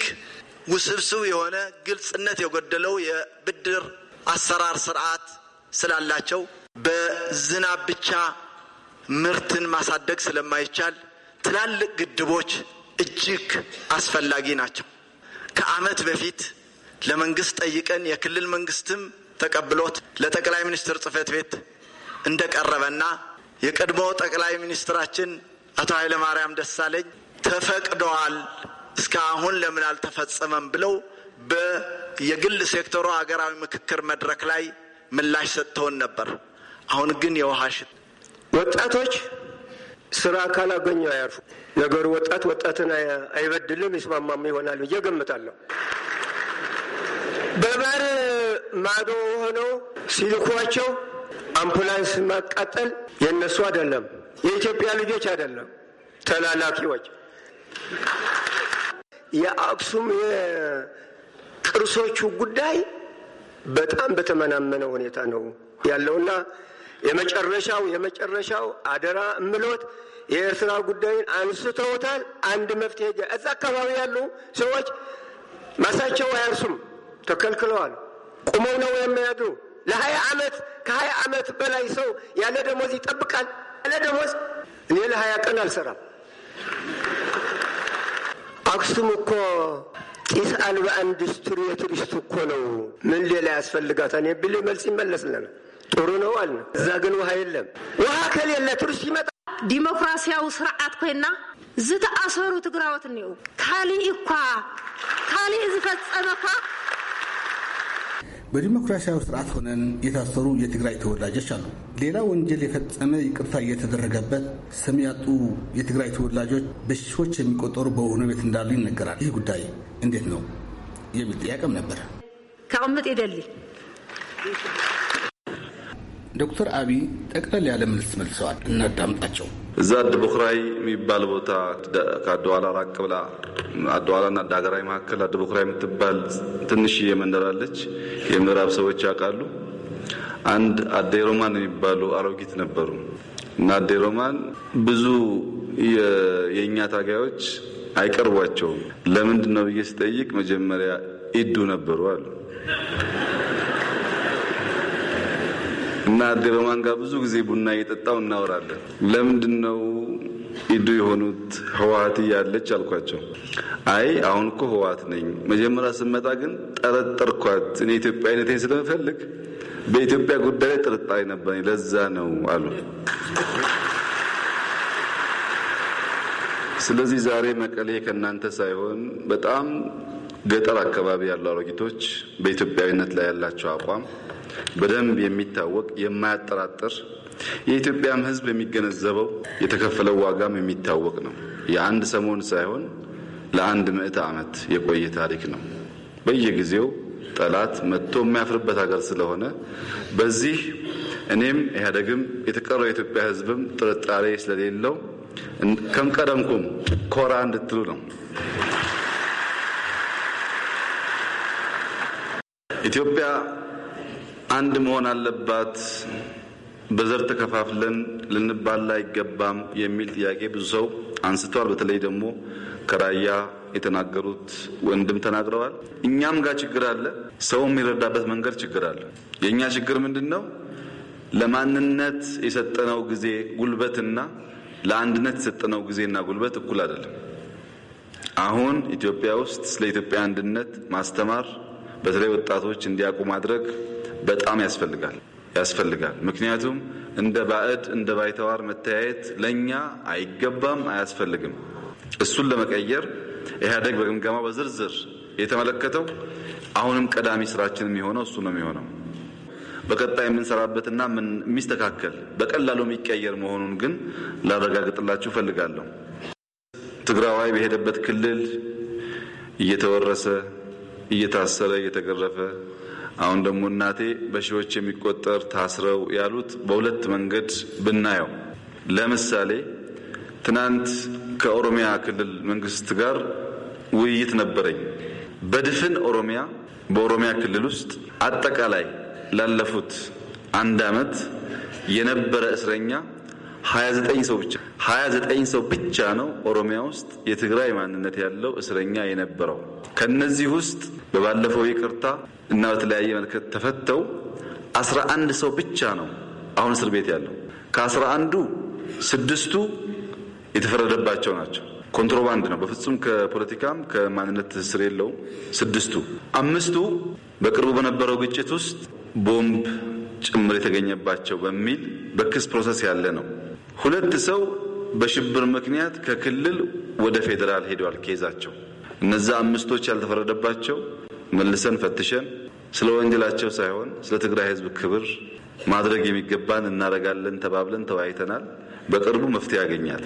ውስብስብ የሆነ ግልጽነት የጎደለው የብድር አሰራር ስርዓት ስላላቸው በዝናብ ብቻ ምርትን ማሳደግ ስለማይቻል ትላልቅ ግድቦች እጅግ አስፈላጊ ናቸው። ከዓመት በፊት ለመንግስት ጠይቀን የክልል መንግስትም ተቀብሎት ለጠቅላይ ሚኒስትር ጽህፈት ቤት እንደቀረበና የቀድሞ ጠቅላይ ሚኒስትራችን አቶ ኃይለማርያም ደሳለኝ ተፈቅደዋል እስካሁን ለምን አልተፈጸመም ብለው በየግል ሴክተሩ ሀገራዊ ምክክር መድረክ ላይ ምላሽ ሰጥተውን ነበር። አሁን ግን የውሃ ሽት ወጣቶች ስራ ካላገኙ አያርፉ። ነገሩ ወጣት ወጣትን አይበድልም፣ ይስማማም ይሆናል ብዬ ገምታለሁ። በባህር ማዶ ሆነው ሲልኳቸው አምቡላንስ ማቃጠል የእነሱ አይደለም፣ የኢትዮጵያ ልጆች አይደለም፣ ተላላኪዎች የአክሱም የቅርሶቹ ጉዳይ በጣም በተመናመነ ሁኔታ ነው ያለውና የመጨረሻው የመጨረሻው አደራ እምሎት የኤርትራ ጉዳይን አንስተውታል። አንድ መፍትሄ እዛ አካባቢ ያሉ ሰዎች ማሳቸው አያርሱም። ተከልክለዋል። ቁመው ነው የሚያድሩ። ለሀያ ዓመት ከሀያ ዓመት በላይ ሰው ያለ ደሞዝ ይጠብቃል። ያለ ደሞዝ እኔ ለሀያ ቀን አልሰራም። አክሱም እኮ ጢስ አልባ ኢንዱስትሪ የቱሪስት እኮ ነው። ምን ሌላ ያስፈልጋታል? እኔ ብል መልስ ይመለስልናል። ጥሩ ነው አለ። እዛ ግን ውሃ የለም። ውሃ ከሌለ ቱሪስት ይመጣ? ዲሞክራሲያዊ ስርዓት ኮይና ዝተኣሰሩ ትግራዎት እኒኡ ካሊእ እኳ ካልእ ዝፈፀመካ በዲሞክራሲያዊ ስርዓት ሆነን የታሰሩ የትግራይ ተወላጆች አሉ። ሌላ ወንጀል የፈጸመ ይቅርታ እየተደረገበት ስም ያጡ የትግራይ ተወላጆች በሺዎች የሚቆጠሩ በሆነ ቤት እንዳሉ ይነገራል። ይህ ጉዳይ እንዴት ነው የሚል ጥያቄም ነበር። ዶክተር አብይ ጠቅለል ያለ መልስ መልሰዋል። እናዳምጣቸው። እዛ አድቦክራይ የሚባል ቦታ ከአድዋላ ራቅ ብላ አድዋላና ዳገራይ መካከል አድቦክራይ የምትባል ትንሽዬ የመንደራለች የምዕራብ ሰዎች ያውቃሉ። አንድ ሮማን የሚባሉ አሮጊት ነበሩ እና ሮማን ብዙ የእኛ ታጋዮች አይቀርቧቸውም። ለምንድን ነው ብዬ ስጠይቅ መጀመሪያ ኢዱ ነበሩ አሉ። እና አዴ በማንጋ ብዙ ጊዜ ቡና እየጠጣው እናወራለን። ለምንድን ነው ኢዱ የሆኑት ህወሀት እያለች አልኳቸው። አይ አሁን እኮ ህወሀት ነኝ፣ መጀመሪያ ስመጣ ግን ጠረጠርኳት። እኔ ኢትዮጵያዊነቴን ስለምፈልግ በኢትዮጵያ ጉዳይ ላይ ጥርጣሬ ነበረኝ፣ ለዛ ነው አሉ። ስለዚህ ዛሬ መቀሌ ከእናንተ ሳይሆን በጣም ገጠር አካባቢ ያሉ አሮጊቶች በኢትዮጵያዊነት ላይ ያላቸው አቋም በደንብ የሚታወቅ የማያጠራጥር የኢትዮጵያም ሕዝብ የሚገነዘበው የተከፈለው ዋጋም የሚታወቅ ነው። የአንድ ሰሞን ሳይሆን ለአንድ ምዕተ ዓመት የቆየ ታሪክ ነው። በየጊዜው ጠላት መጥቶ የሚያፍርበት ሀገር ስለሆነ በዚህ እኔም ኢህአዴግም የተቀረው የኢትዮጵያ ሕዝብም ጥርጣሬ ስለሌለው ከምቀደምኩም ኮራ እንድትሉ ነው። ኢትዮጵያ አንድ መሆን አለባት። በዘር ተከፋፍለን ልንባላ አይገባም የሚል ጥያቄ ብዙ ሰው አንስተዋል። በተለይ ደግሞ ከራያ የተናገሩት ወንድም ተናግረዋል። እኛም ጋር ችግር አለ። ሰው የሚረዳበት መንገድ ችግር አለ። የእኛ ችግር ምንድን ነው? ለማንነት የሰጠነው ጊዜ ጉልበትና ለአንድነት የሰጠነው ጊዜና ጉልበት እኩል አይደለም። አሁን ኢትዮጵያ ውስጥ ስለ ኢትዮጵያ አንድነት ማስተማር፣ በተለይ ወጣቶች እንዲያውቁ ማድረግ በጣም ያስፈልጋል ያስፈልጋል። ምክንያቱም እንደ ባዕድ እንደ ባይተዋር መተያየት ለእኛ አይገባም፣ አያስፈልግም። እሱን ለመቀየር ኢህአዴግ በግምገማ በዝርዝር የተመለከተው አሁንም ቀዳሚ ስራችን የሚሆነው እሱ ነው የሚሆነው በቀጣይ የምንሰራበትና የሚስተካከል በቀላሉ የሚቀየር መሆኑን ግን ላረጋግጥላችሁ ፈልጋለሁ። ትግራዋይ በሄደበት ክልል እየተወረሰ እየታሰረ እየተገረፈ አሁን ደግሞ እናቴ በሺዎች የሚቆጠር ታስረው ያሉት በሁለት መንገድ ብናየው፣ ለምሳሌ ትናንት ከኦሮሚያ ክልል መንግስት ጋር ውይይት ነበረኝ። በድፍን ኦሮሚያ በኦሮሚያ ክልል ውስጥ አጠቃላይ ላለፉት አንድ ዓመት የነበረ እስረኛ 29 ሰው ብቻ 29 ሰው ብቻ ነው ኦሮሚያ ውስጥ የትግራይ ማንነት ያለው እስረኛ የነበረው። ከነዚህ ውስጥ በባለፈው ይቅርታ እና በተለያየ መልከት ተፈተው አስራ አንድ ሰው ብቻ ነው አሁን እስር ቤት ያለው። ከ ከ11ዱ ስድስቱ የተፈረደባቸው ናቸው። ኮንትሮባንድ ነው፣ በፍጹም ከፖለቲካም ከማንነት ትስስር የለውም። ስድስቱ አምስቱ በቅርቡ በነበረው ግጭት ውስጥ ቦምብ ጭምር የተገኘባቸው በሚል በክስ ፕሮሰስ ያለ ነው። ሁለት ሰው በሽብር ምክንያት ከክልል ወደ ፌዴራል ሄደዋል። ኬዛቸው እነዛ አምስቶች ያልተፈረደባቸው መልሰን ፈትሸን ስለ ወንጀላቸው ሳይሆን ስለ ትግራይ ሕዝብ ክብር ማድረግ የሚገባን እናደርጋለን ተባብለን ተወያይተናል። በቅርቡ መፍትሄ ያገኛል።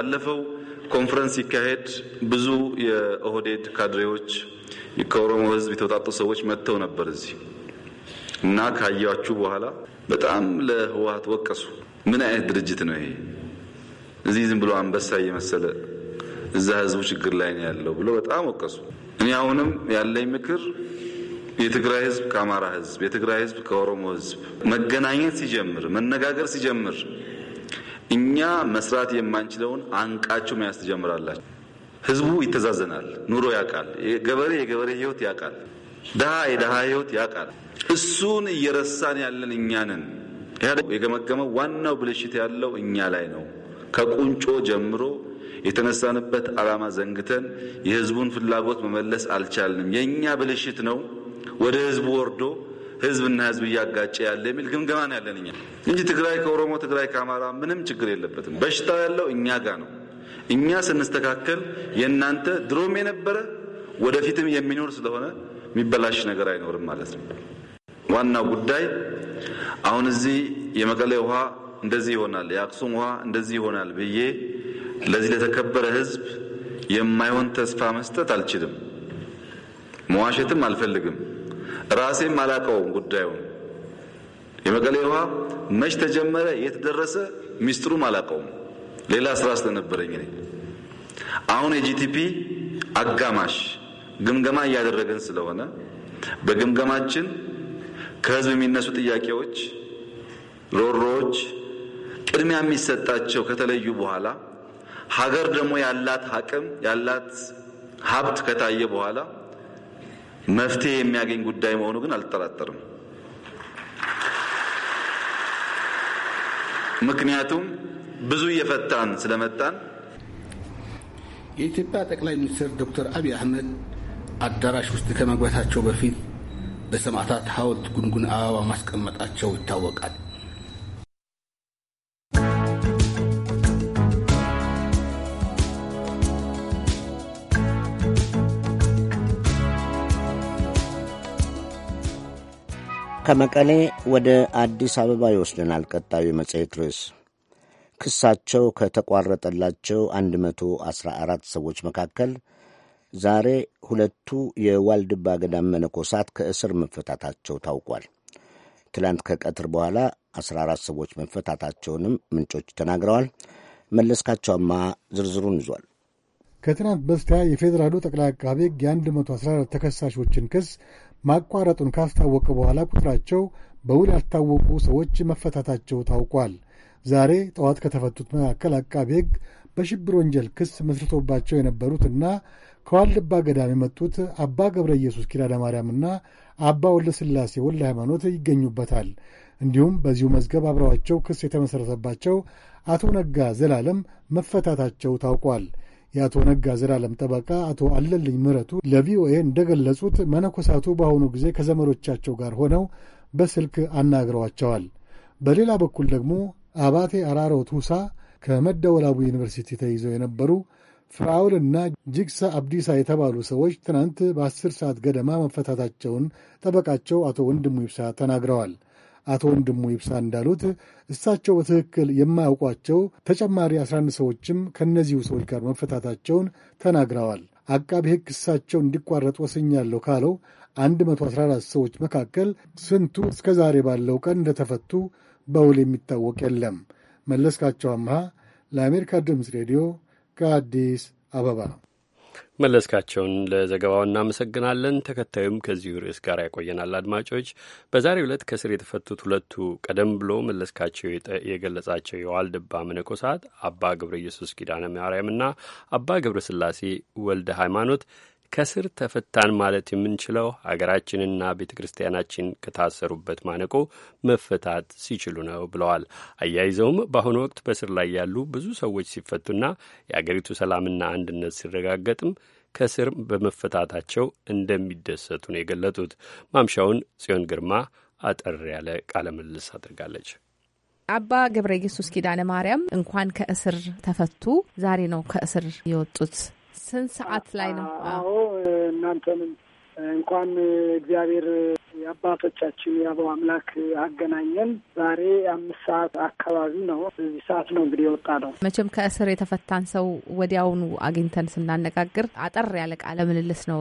ባለፈው ኮንፈረንስ ሲካሄድ ብዙ የኦህዴድ ካድሬዎች ከኦሮሞ ሕዝብ የተውጣጡ ሰዎች መጥተው ነበር እዚህ እና ካያችሁ በኋላ በጣም ለህወሀት ወቀሱ። ምን አይነት ድርጅት ነው ይሄ? እዚህ ዝም ብሎ አንበሳ እየመሰለ እዛ ህዝቡ ችግር ላይ ነው ያለው ብሎ በጣም ወቀሱ። እኔ አሁንም ያለኝ ምክር የትግራይ ህዝብ ከአማራ ህዝብ፣ የትግራይ ህዝብ ከኦሮሞ ህዝብ መገናኘት ሲጀምር፣ መነጋገር ሲጀምር እኛ መስራት የማንችለውን አንቃችሁ መያዝ ትጀምራላችሁ። ህዝቡ ይተዛዘናል፣ ኑሮ ያውቃል፣ ገበሬ የገበሬ ህይወት ያውቃል። ድሃ የድሃ ህይወት ያውቃል እሱን እየረሳን ያለን እኛንን የገመገመው ዋናው ብልሽት ያለው እኛ ላይ ነው። ከቁንጮ ጀምሮ የተነሳንበት ዓላማ ዘንግተን የህዝቡን ፍላጎት መመለስ አልቻልንም። የእኛ ብልሽት ነው ወደ ህዝቡ ወርዶ ህዝብና ህዝብ እያጋጨ ያለ የሚል ግምገማ ነው ያለን እኛ እንጂ ትግራይ ከኦሮሞ ትግራይ ከአማራ ምንም ችግር የለበትም። በሽታው ያለው እኛ ጋ ነው። እኛ ስንስተካከል የእናንተ ድሮም የነበረ ወደፊትም የሚኖር ስለሆነ የሚበላሽ ነገር አይኖርም ማለት ነው። ዋናው ጉዳይ አሁን እዚህ የመቀሌ ውሃ እንደዚህ ይሆናል፣ የአክሱም ውሃ እንደዚህ ይሆናል ብዬ ለዚህ ለተከበረ ሕዝብ የማይሆን ተስፋ መስጠት አልችልም። መዋሸትም አልፈልግም። ራሴም አላቀውም ጉዳዩን። የመቀሌ ውሃ መች ተጀመረ፣ የተደረሰ ሚስጥሩም አላቀውም። ሌላ ስራ ስለነበረኝ እኔ አሁን የጂቲፒ አጋማሽ ግምገማ እያደረግን ስለሆነ በግምገማችን ከህዝብ የሚነሱ ጥያቄዎች፣ ሮሮዎች ቅድሚያ የሚሰጣቸው ከተለዩ በኋላ ሀገር ደግሞ ያላት አቅም ያላት ሀብት ከታየ በኋላ መፍትሄ የሚያገኝ ጉዳይ መሆኑ ግን አልጠራጠርም። ምክንያቱም ብዙ እየፈታን ስለመጣን። የኢትዮጵያ ጠቅላይ ሚኒስትር ዶክተር አብይ አህመድ አዳራሽ ውስጥ ከመግባታቸው በፊት በሰማዕታት ሐውልት ጉንጉን አበባ ማስቀመጣቸው ይታወቃል። ከመቀሌ ወደ አዲስ አበባ ይወስደናል። ቀጣዩ መጽሔት ርዕስ ክሳቸው ከተቋረጠላቸው 114 ሰዎች መካከል ዛሬ ሁለቱ የዋልድባ ገዳም መነኮሳት ከእስር መፈታታቸው ታውቋል። ትላንት ከቀትር በኋላ 14 ሰዎች መፈታታቸውንም ምንጮች ተናግረዋል። መለስካቸውማ ዝርዝሩን ይዟል። ከትናንት በስቲያ የፌዴራሉ ጠቅላይ አቃቤ ሕግ የ114 ተከሳሾችን ክስ ማቋረጡን ካስታወቀ በኋላ ቁጥራቸው በውል ያልታወቁ ሰዎች መፈታታቸው ታውቋል። ዛሬ ጠዋት ከተፈቱት መካከል አቃቤ ሕግ በሽብር ወንጀል ክስ መስርቶባቸው የነበሩትና ከዋልድባ ገዳም የመጡት አባ ገብረ ኢየሱስ ኪዳደ ማርያምና አባ ወልደ ሥላሴ ወልደ ሃይማኖት ይገኙበታል። እንዲሁም በዚሁ መዝገብ አብረዋቸው ክስ የተመሠረተባቸው አቶ ነጋ ዘላለም መፈታታቸው ታውቋል። የአቶ ነጋ ዘላለም ጠበቃ አቶ አለልኝ ምሕረቱ ለቪኦኤ እንደገለጹት መነኮሳቱ በአሁኑ ጊዜ ከዘመዶቻቸው ጋር ሆነው በስልክ አናግረዋቸዋል። በሌላ በኩል ደግሞ አባቴ አራሮት ሁሳ ከመደወላቡ ዩኒቨርሲቲ ተይዘው የነበሩ እና ጅግሳ አብዲሳ የተባሉ ሰዎች ትናንት በአስር ሰዓት ገደማ መፈታታቸውን ጠበቃቸው አቶ ወንድሙ ይብሳ ተናግረዋል። አቶ ወንድሙ ይብሳ እንዳሉት እሳቸው በትክክል የማያውቋቸው ተጨማሪ 11 ሰዎችም ከእነዚሁ ሰዎች ጋር መፈታታቸውን ተናግረዋል። አቃቢ ሕግ እሳቸው እንዲቋረጥ ወስኛለሁ ካለው 114 ሰዎች መካከል ስንቱ እስከ ዛሬ ባለው ቀን እንደተፈቱ በውል የሚታወቅ የለም። መለስካቸው አምሃ ለአሜሪካ ድምፅ ሬዲዮ ከአዲስ አበባ። መለስካቸውን ለዘገባው እናመሰግናለን። ተከታዩም ከዚሁ ርዕስ ጋር ያቆየናል። አድማጮች፣ በዛሬው ዕለት ከስር የተፈቱት ሁለቱ ቀደም ብሎ መለስካቸው የገለጻቸው የዋልድባ መነኮሳት አባ ገብረ ኢየሱስ ኪዳነ ማርያምና አባ ገብረ ስላሴ ወልደ ሃይማኖት ከስር ተፈታን ማለት የምንችለው አገራችንና ቤተ ክርስቲያናችን ከታሰሩበት ማነቆ መፈታት ሲችሉ ነው ብለዋል። አያይዘውም በአሁኑ ወቅት በስር ላይ ያሉ ብዙ ሰዎች ሲፈቱና የአገሪቱ ሰላምና አንድነት ሲረጋገጥም ከስር በመፈታታቸው እንደሚደሰቱ ነው የገለጡት። ማምሻውን ጽዮን ግርማ አጠር ያለ ቃለ ምልልስ አድርጋለች። አባ ገብረ ኢየሱስ ኪዳነ ማርያም እንኳን ከእስር ተፈቱ። ዛሬ ነው ከእስር የወጡት ስንት ሰዓት ላይ ነው? አዎ እናንተንም እንኳን እግዚአብሔር የአባቶቻችን የአበው አምላክ አገናኘን። ዛሬ አምስት ሰዓት አካባቢ ነው። በዚህ ሰዓት ነው እንግዲህ የወጣ ነው። መቼም ከእስር የተፈታን ሰው ወዲያውኑ አግኝተን ስናነጋግር አጠር ያለ ቃለ ምልልስ ነው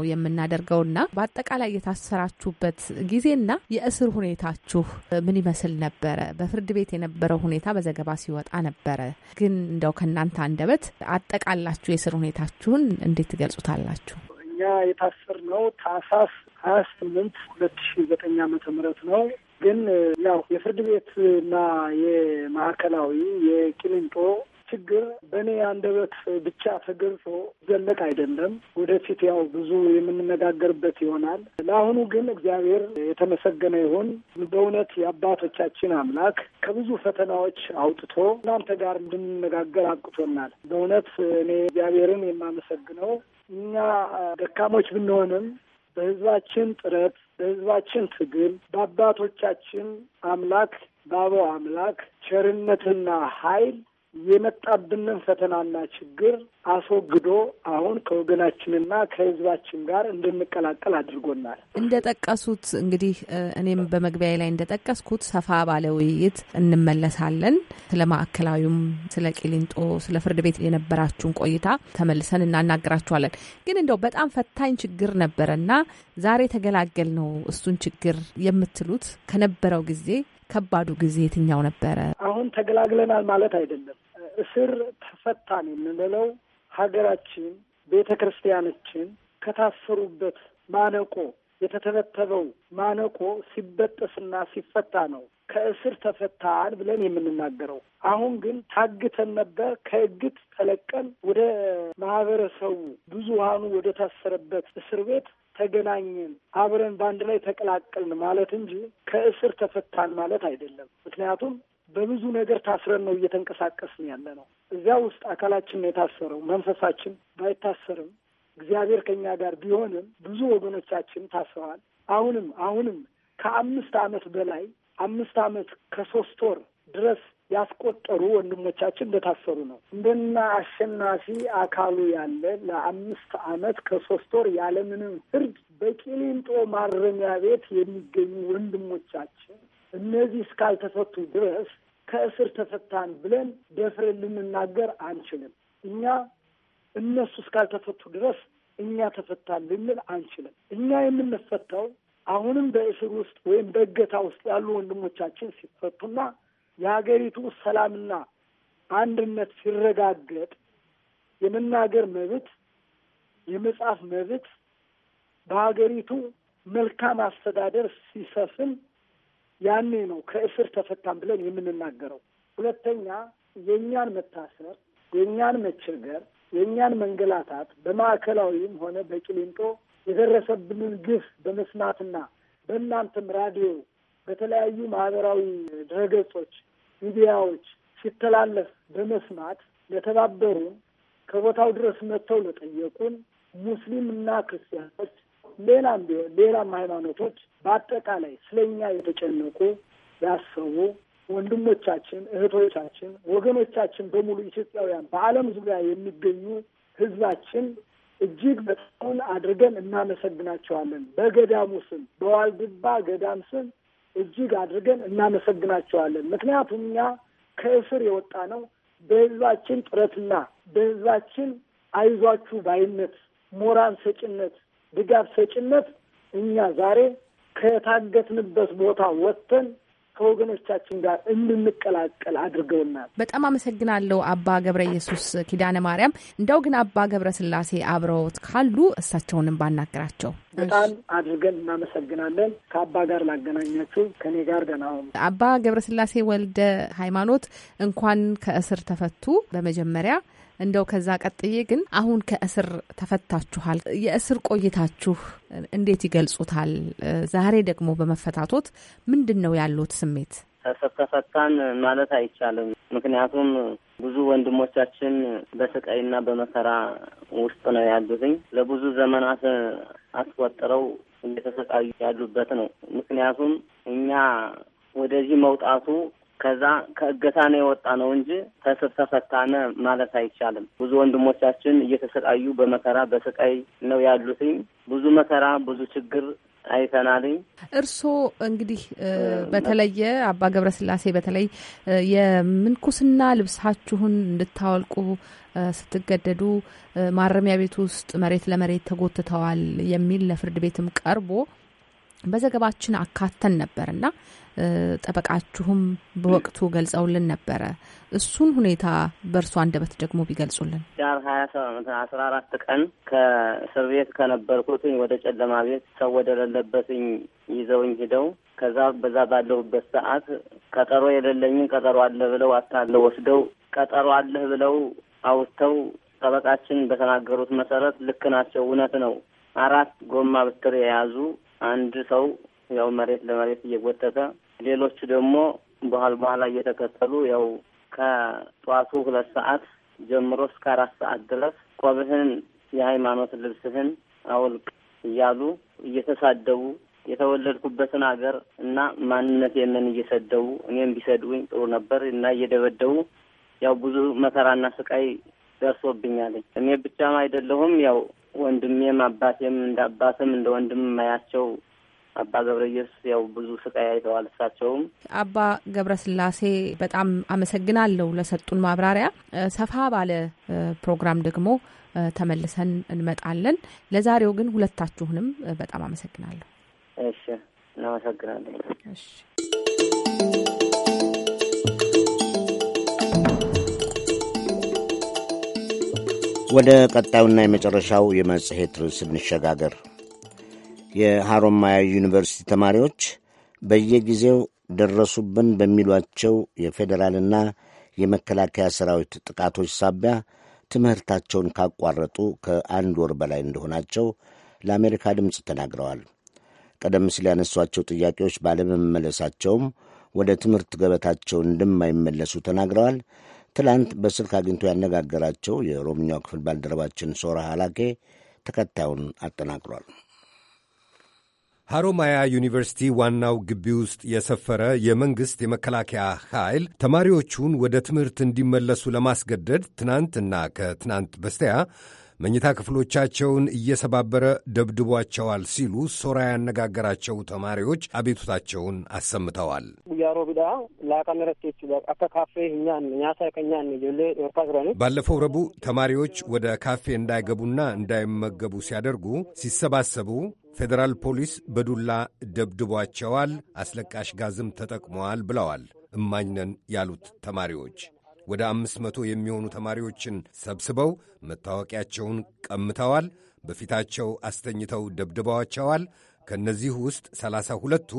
እና በአጠቃላይ የታሰራችሁበት ጊዜና የእስር ሁኔታችሁ ምን ይመስል ነበረ? በፍርድ ቤት የነበረው ሁኔታ በዘገባ ሲወጣ ነበረ፣ ግን እንደው ከእናንተ አንደበት አጠቃላችሁ የእስር ሁኔታችሁን እንዴት ትገልጹታላችሁ? እኛ ነው ታህሳስ ሀያ ስምንት ሁለት ሺ ዘጠኝ ዓመተ ምህረት ነው። ግን ያው የፍርድ ቤትና የማዕከላዊ የቂሊንጦ ችግር በእኔ አንደበት ብቻ ተገልጾ ዘለቅ አይደለም። ወደፊት ያው ብዙ የምንነጋገርበት ይሆናል። ለአሁኑ ግን እግዚአብሔር የተመሰገነ ይሁን። በእውነት የአባቶቻችን አምላክ ከብዙ ፈተናዎች አውጥቶ እናንተ ጋር እንድንነጋገር አብቅቶናል። በእውነት እኔ እግዚአብሔርን የማመሰግነው እኛ ደካሞች ብንሆንም በህዝባችን ጥረት፣ በህዝባችን ትግል፣ በአባቶቻችን አምላክ በአበው አምላክ ቸርነትና ኃይል የመጣብንን ፈተናና ችግር አስወግዶ አሁን ከወገናችንና ከሕዝባችን ጋር እንድንቀላቀል አድርጎናል። እንደጠቀሱት እንግዲህ እኔም በመግቢያ ላይ እንደጠቀስኩት ሰፋ ባለ ውይይት እንመለሳለን። ስለ ማዕከላዊም፣ ስለ ቂሊንጦ፣ ስለ ፍርድ ቤት የነበራችሁን ቆይታ ተመልሰን እናናገራችኋለን። ግን እንደው በጣም ፈታኝ ችግር ነበረና ዛሬ ተገላገል ነው እሱን ችግር የምትሉት ከነበረው ጊዜ ከባዱ ጊዜ የትኛው ነበረ? አሁን ተገላግለናል ማለት አይደለም። እስር ተፈታን የምንለው ሀገራችን ቤተ ክርስቲያኖችን ከታሰሩበት ማነቆ የተተበተበው ማነቆ ሲበጠስና ሲፈታ ነው ከእስር ተፈታን ብለን የምንናገረው። አሁን ግን ታግተን ነበር። ከእግት ተለቀን ወደ ማህበረሰቡ ብዙሃኑ ወደ ታሰረበት እስር ቤት ተገናኘን፣ አብረን በአንድ ላይ ተቀላቀልን ማለት እንጂ ከእስር ተፈታን ማለት አይደለም። ምክንያቱም በብዙ ነገር ታስረን ነው እየተንቀሳቀስን ያለ ነው። እዚያ ውስጥ አካላችን ነው የታሰረው። መንፈሳችን ባይታሰርም እግዚአብሔር ከኛ ጋር ቢሆንም ብዙ ወገኖቻችን ታስረዋል። አሁንም አሁንም ከአምስት ዓመት በላይ አምስት ዓመት ከሶስት ወር ድረስ ያስቆጠሩ ወንድሞቻችን እንደታሰሩ ነው። እንደና አሸናፊ አካሉ ያለ ለአምስት አመት ከሶስት ወር ያለምንም ፍርድ በቂሊንጦ ማረሚያ ቤት የሚገኙ ወንድሞቻችን እነዚህ እስካልተፈቱ ድረስ ከእስር ተፈታን ብለን ደፍረን ልንናገር አንችልም። እኛ እነሱ እስካልተፈቱ ድረስ እኛ ተፈታን ልንል አንችልም። እኛ የምንፈታው አሁንም በእስር ውስጥ ወይም በእገታ ውስጥ ያሉ ወንድሞቻችን ሲፈቱና የሀገሪቱ ሰላምና አንድነት ሲረጋገጥ የመናገር መብት፣ የመጻፍ መብት በሀገሪቱ መልካም አስተዳደር ሲሰፍን ያኔ ነው ከእስር ተፈታን ብለን የምንናገረው። ሁለተኛ የእኛን መታሰር፣ የእኛን መቸገር፣ የእኛን መንገላታት በማዕከላዊም ሆነ በቂሊንጦ የደረሰብንን ግፍ በመስማትና በእናንተም ራዲዮ በተለያዩ ማህበራዊ ድረገጾች፣ ሚዲያዎች ሲተላለፍ በመስማት ለተባበሩን፣ ከቦታው ድረስ መጥተው ለጠየቁን ሙስሊምና ክርስቲያኖች፣ ሌላም ቢሆን ሌላም ሃይማኖቶች በአጠቃላይ ስለኛ የተጨነቁ ያሰቡ ወንድሞቻችን፣ እህቶቻችን፣ ወገኖቻችን በሙሉ ኢትዮጵያውያን በዓለም ዙሪያ የሚገኙ ህዝባችን እጅግ በጣም አድርገን እናመሰግናቸዋለን። በገዳሙ ስም በዋልድባ ገዳም ስም እጅግ አድርገን እናመሰግናቸዋለን። ምክንያቱም እኛ ከእስር የወጣ ነው በህዝባችን ጥረትና በህዝባችን አይዟችሁ ባይነት፣ ሞራን ሰጭነት፣ ድጋፍ ሰጭነት እኛ ዛሬ ከታገትንበት ቦታ ወጥተን ከወገኖቻችን ጋር እንድንቀላቀል አድርገውናል። በጣም አመሰግናለሁ አባ ገብረ ኢየሱስ ኪዳነ ማርያም። እንደው ግን አባ ገብረ ስላሴ አብረውት ካሉ እሳቸውንም ባናገራቸው በጣም አድርገን እናመሰግናለን። ከአባ ጋር ላገናኛችሁ ከኔ ጋር ደህና አባ ገብረ ስላሴ ወልደ ሃይማኖት እንኳን ከእስር ተፈቱ። በመጀመሪያ እንደው ከዛ ቀጥዬ ግን አሁን ከእስር ተፈታችኋል። የእስር ቆይታችሁ እንዴት ይገልጹታል? ዛሬ ደግሞ በመፈታቶት ምንድን ነው ያሉት ስሜት? ተፈታን ማለት አይቻልም። ምክንያቱም ብዙ ወንድሞቻችን በስቃይና በመከራ ውስጥ ነው ያሉትኝ ለብዙ ዘመናት አስቆጥረው እየተሰቃዩ ያሉበት ነው። ምክንያቱም እኛ ወደዚህ መውጣቱ ከዛ ከእገታ ነው የወጣ ነው እንጂ ከስር ተፈታነ ማለት አይቻልም። ብዙ ወንድሞቻችን እየተሰቃዩ በመከራ በስቃይ ነው ያሉትኝ። ብዙ መከራ ብዙ ችግር አይተናልኝ። እርስዎ እንግዲህ በተለየ አባ ገብረስላሴ በተለይ የምንኩስና ልብሳችሁን እንድታወልቁ ስትገደዱ ማረሚያ ቤት ውስጥ መሬት ለመሬት ተጎትተዋል የሚል ለፍርድ ቤትም ቀርቦ በዘገባችን አካተን ነበርና ጠበቃችሁም በወቅቱ ገልጸውልን ነበረ። እሱን ሁኔታ በእርሱ አንደበት ደግሞ ቢገልጹልን። ዳር ሀያ አስራ አራት ቀን ከእስር ቤት ከነበርኩትኝ ወደ ጨለማ ቤት ሰው ወደሌለበትኝ ይዘውኝ ሂደው ከዛ በዛ ባለሁበት ሰዓት ቀጠሮ የሌለኝን ቀጠሮ አለ ብለው አታለ ወስደው ቀጠሮ አለህ ብለው አውጥተው ጠበቃችን በተናገሩት መሰረት ልክ ናቸው፣ እውነት ነው። አራት ጎማ ብትር የያዙ አንድ ሰው ያው መሬት ለመሬት እየጎተተ ሌሎቹ ደግሞ በኋላ በኋላ እየተከተሉ ያው ከጠዋቱ ሁለት ሰዓት ጀምሮ እስከ አራት ሰዓት ድረስ ቆብህን የሃይማኖት ልብስህን አውልቅ እያሉ እየተሳደቡ የተወለድኩበትን ሀገር እና ማንነት የምን እየሰደቡ እኔም ቢሰድቡኝ ጥሩ ነበር እና እየደበደቡ ያው ብዙ መከራና ስቃይ ደርሶብኛል። እኔ ብቻም አይደለሁም ያው ወንድሜም አባቴም እንደ አባትም እንደ ወንድም ማያቸው አባ ገብረየስ ያው ብዙ ስቃይ አይተዋል። እሳቸውም አባ ገብረ ስላሴ በጣም አመሰግናለሁ ለሰጡን ማብራሪያ። ሰፋ ባለ ፕሮግራም ደግሞ ተመልሰን እንመጣለን። ለዛሬው ግን ሁለታችሁንም በጣም አመሰግናለሁ። እሺ፣ እናመሰግናለን። እሺ። ወደ ቀጣዩና የመጨረሻው የመጽሔት ርዕስ እንሸጋገር። የሐሮማያ ዩኒቨርሲቲ ተማሪዎች በየጊዜው ደረሱብን በሚሏቸው የፌዴራልና የመከላከያ ሰራዊት ጥቃቶች ሳቢያ ትምህርታቸውን ካቋረጡ ከአንድ ወር በላይ እንደሆናቸው ለአሜሪካ ድምፅ ተናግረዋል። ቀደም ሲል ያነሷቸው ጥያቄዎች ባለመመለሳቸውም ወደ ትምህርት ገበታቸው እንደማይመለሱ ተናግረዋል። ትላንት በስልክ አግኝቶ ያነጋገራቸው የኦሮምኛው ክፍል ባልደረባችን ሶራ ሀላኬ ተከታዩን አጠናቅሯል። ሐሮማያ ዩኒቨርሲቲ ዋናው ግቢ ውስጥ የሰፈረ የመንግሥት የመከላከያ ኃይል ተማሪዎቹን ወደ ትምህርት እንዲመለሱ ለማስገደድ ትናንትና ከትናንት በስቲያ መኝታ ክፍሎቻቸውን እየሰባበረ ደብድቧቸዋል ሲሉ ሶራ ያነጋገራቸው ተማሪዎች አቤቱታቸውን አሰምተዋል። ባለፈው ረቡዕ ተማሪዎች ወደ ካፌ እንዳይገቡና እንዳይመገቡ ሲያደርጉ ሲሰባሰቡ ፌዴራል ፖሊስ በዱላ ደብድቧቸዋል፣ አስለቃሽ ጋዝም ተጠቅመዋል ብለዋል እማኝነን ያሉት ተማሪዎች። ወደ አምስት መቶ የሚሆኑ ተማሪዎችን ሰብስበው መታወቂያቸውን ቀምተዋል፣ በፊታቸው አስተኝተው ደብድበዋቸዋል። ከእነዚህ ውስጥ ሰላሳ ሁለቱ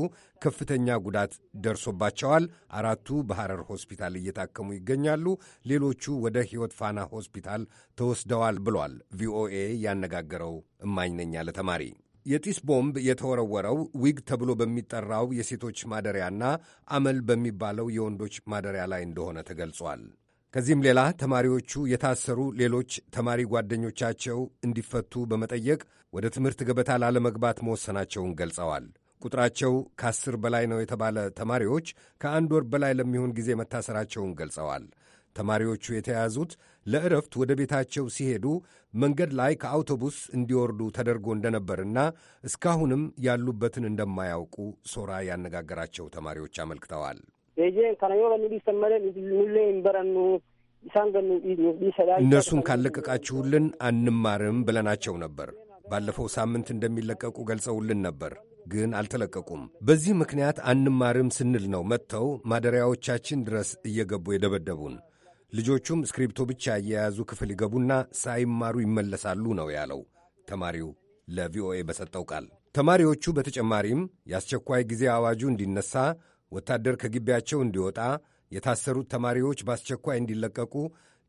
ከፍተኛ ጉዳት ደርሶባቸዋል። አራቱ በሐረር ሆስፒታል እየታከሙ ይገኛሉ። ሌሎቹ ወደ ሕይወት ፋና ሆስፒታል ተወስደዋል ብሏል ቪኦኤ ያነጋገረው እማኝ ነኝ ያለ ተማሪ። የጢስ ቦምብ የተወረወረው ዊግ ተብሎ በሚጠራው የሴቶች ማደሪያና አመል በሚባለው የወንዶች ማደሪያ ላይ እንደሆነ ተገልጿል። ከዚህም ሌላ ተማሪዎቹ የታሰሩ ሌሎች ተማሪ ጓደኞቻቸው እንዲፈቱ በመጠየቅ ወደ ትምህርት ገበታ ላለመግባት መወሰናቸውን ገልጸዋል። ቁጥራቸው ከአስር በላይ ነው የተባለ ተማሪዎች ከአንድ ወር በላይ ለሚሆን ጊዜ መታሰራቸውን ገልጸዋል። ተማሪዎቹ የተያዙት ለእረፍት ወደ ቤታቸው ሲሄዱ መንገድ ላይ ከአውቶቡስ እንዲወርዱ ተደርጎ እንደነበርና እስካሁንም ያሉበትን እንደማያውቁ ሶራ ያነጋገራቸው ተማሪዎች አመልክተዋል። እነርሱን ካለቀቃችሁልን አንማርም ብለናቸው ነበር። ባለፈው ሳምንት እንደሚለቀቁ ገልጸውልን ነበር ግን አልተለቀቁም። በዚህ ምክንያት አንማርም ስንል ነው መጥተው ማደሪያዎቻችን ድረስ እየገቡ የደበደቡን። ልጆቹም እስክሪብቶ ብቻ እየያዙ ክፍል ይገቡና ሳይማሩ ይመለሳሉ ነው ያለው ተማሪው ለቪኦኤ በሰጠው ቃል። ተማሪዎቹ በተጨማሪም የአስቸኳይ ጊዜ አዋጁ እንዲነሳ፣ ወታደር ከግቢያቸው እንዲወጣ፣ የታሰሩት ተማሪዎች በአስቸኳይ እንዲለቀቁ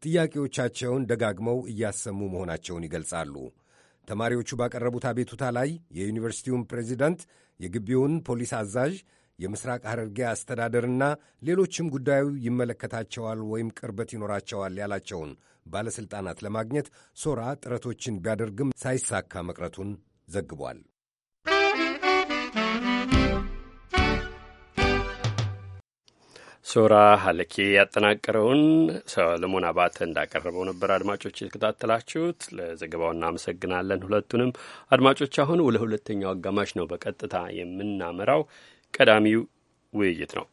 ጥያቄዎቻቸውን ደጋግመው እያሰሙ መሆናቸውን ይገልጻሉ። ተማሪዎቹ ባቀረቡት አቤቱታ ላይ የዩኒቨርሲቲውን ፕሬዚዳንት፣ የግቢውን ፖሊስ አዛዥ የምስራቅ ሐረርጌ አስተዳደርና ሌሎችም ጉዳዩ ይመለከታቸዋል ወይም ቅርበት ይኖራቸዋል ያላቸውን ባለሥልጣናት ለማግኘት ሶራ ጥረቶችን ቢያደርግም ሳይሳካ መቅረቱን ዘግቧል። ሶራ ሀለኬ ያጠናቀረውን ሰለሞን አባተ እንዳቀረበው ነበር። አድማጮች የተከታተላችሁት፣ ለዘገባው እናመሰግናለን ሁለቱንም አድማጮች። አሁን ለሁለተኛው አጋማሽ ነው በቀጥታ የምናመራው። ቀዳሚው ውይይት ነው።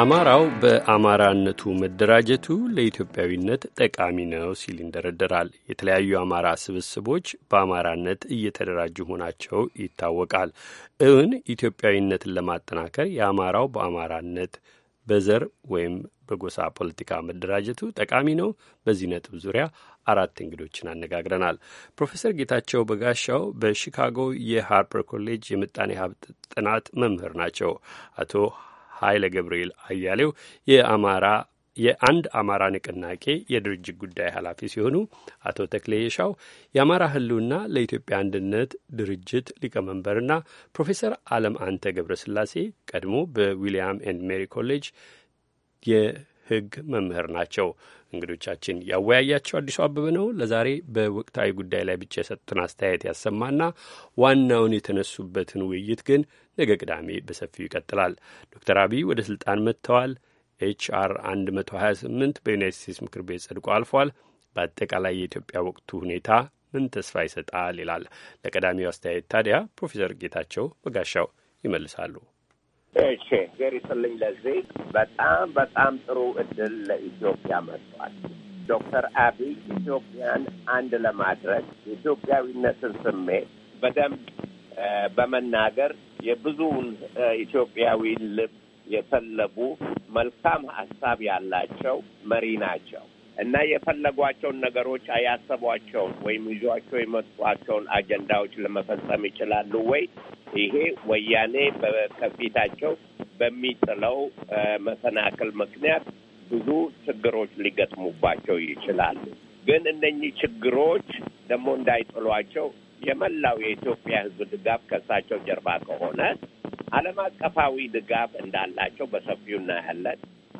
አማራው በአማራነቱ መደራጀቱ ለኢትዮጵያዊነት ጠቃሚ ነው ሲል ይንደረደራል። የተለያዩ አማራ ስብስቦች በአማራነት እየተደራጁ መሆናቸው ይታወቃል። እውን ኢትዮጵያዊነትን ለማጠናከር የአማራው በአማራነት በዘር ወይም በጎሳ ፖለቲካ መደራጀቱ ጠቃሚ ነው። በዚህ ነጥብ ዙሪያ አራት እንግዶችን አነጋግረናል። ፕሮፌሰር ጌታቸው በጋሻው በሺካጎ የሃርፐር ኮሌጅ የምጣኔ ሀብት ጥናት መምህር ናቸው። አቶ ኃይለ ገብርኤል አያሌው የአማራ የአንድ አማራ ንቅናቄ የድርጅት ጉዳይ ኃላፊ ሲሆኑ አቶ ተክሌ የሻው የአማራ ህልውና ለኢትዮጵያ አንድነት ድርጅት ሊቀመንበርና ፕሮፌሰር አለም አንተ ገብረ ስላሴ ቀድሞ በዊልያም ኤንድ ሜሪ ኮሌጅ የሕግ መምህር ናቸው። እንግዶቻችን ያወያያቸው አዲሱ አበበ ነው። ለዛሬ በወቅታዊ ጉዳይ ላይ ብቻ የሰጡትን አስተያየት ያሰማና ዋናውን የተነሱበትን ውይይት ግን ነገ ቅዳሜ በሰፊው ይቀጥላል። ዶክተር አብይ ወደ ስልጣን መጥተዋል። ኤችአር 128 በዩናይት ስቴትስ ምክር ቤት ጸድቆ አልፏል። በአጠቃላይ የኢትዮጵያ ወቅቱ ሁኔታ ምን ተስፋ ይሰጣል ይላል። ለቀዳሚው አስተያየት ታዲያ ፕሮፌሰር ጌታቸው በጋሻው ይመልሳሉ። እሺ ገር ይስልኝ ለዚህ በጣም በጣም ጥሩ እድል ለኢትዮጵያ መጥቷል። ዶክተር አብይ ኢትዮጵያን አንድ ለማድረግ የኢትዮጵያዊነትን ስሜት በደንብ በመናገር የብዙውን ኢትዮጵያዊ ልብ የሰለቡ መልካም ሀሳብ ያላቸው መሪ ናቸው። እና የፈለጓቸውን ነገሮች አያሰቧቸውን ወይም ይዟቸው የመጧቸውን አጀንዳዎች ለመፈጸም ይችላሉ ወይ? ይሄ ወያኔ በከፊታቸው በሚጥለው መሰናክል ምክንያት ብዙ ችግሮች ሊገጥሙባቸው ይችላሉ። ግን እነኚህ ችግሮች ደግሞ እንዳይጥሏቸው የመላው የኢትዮጵያ ሕዝብ ድጋፍ ከእሳቸው ጀርባ ከሆነ ዓለም አቀፋዊ ድጋፍ እንዳላቸው በሰፊው እናያለን።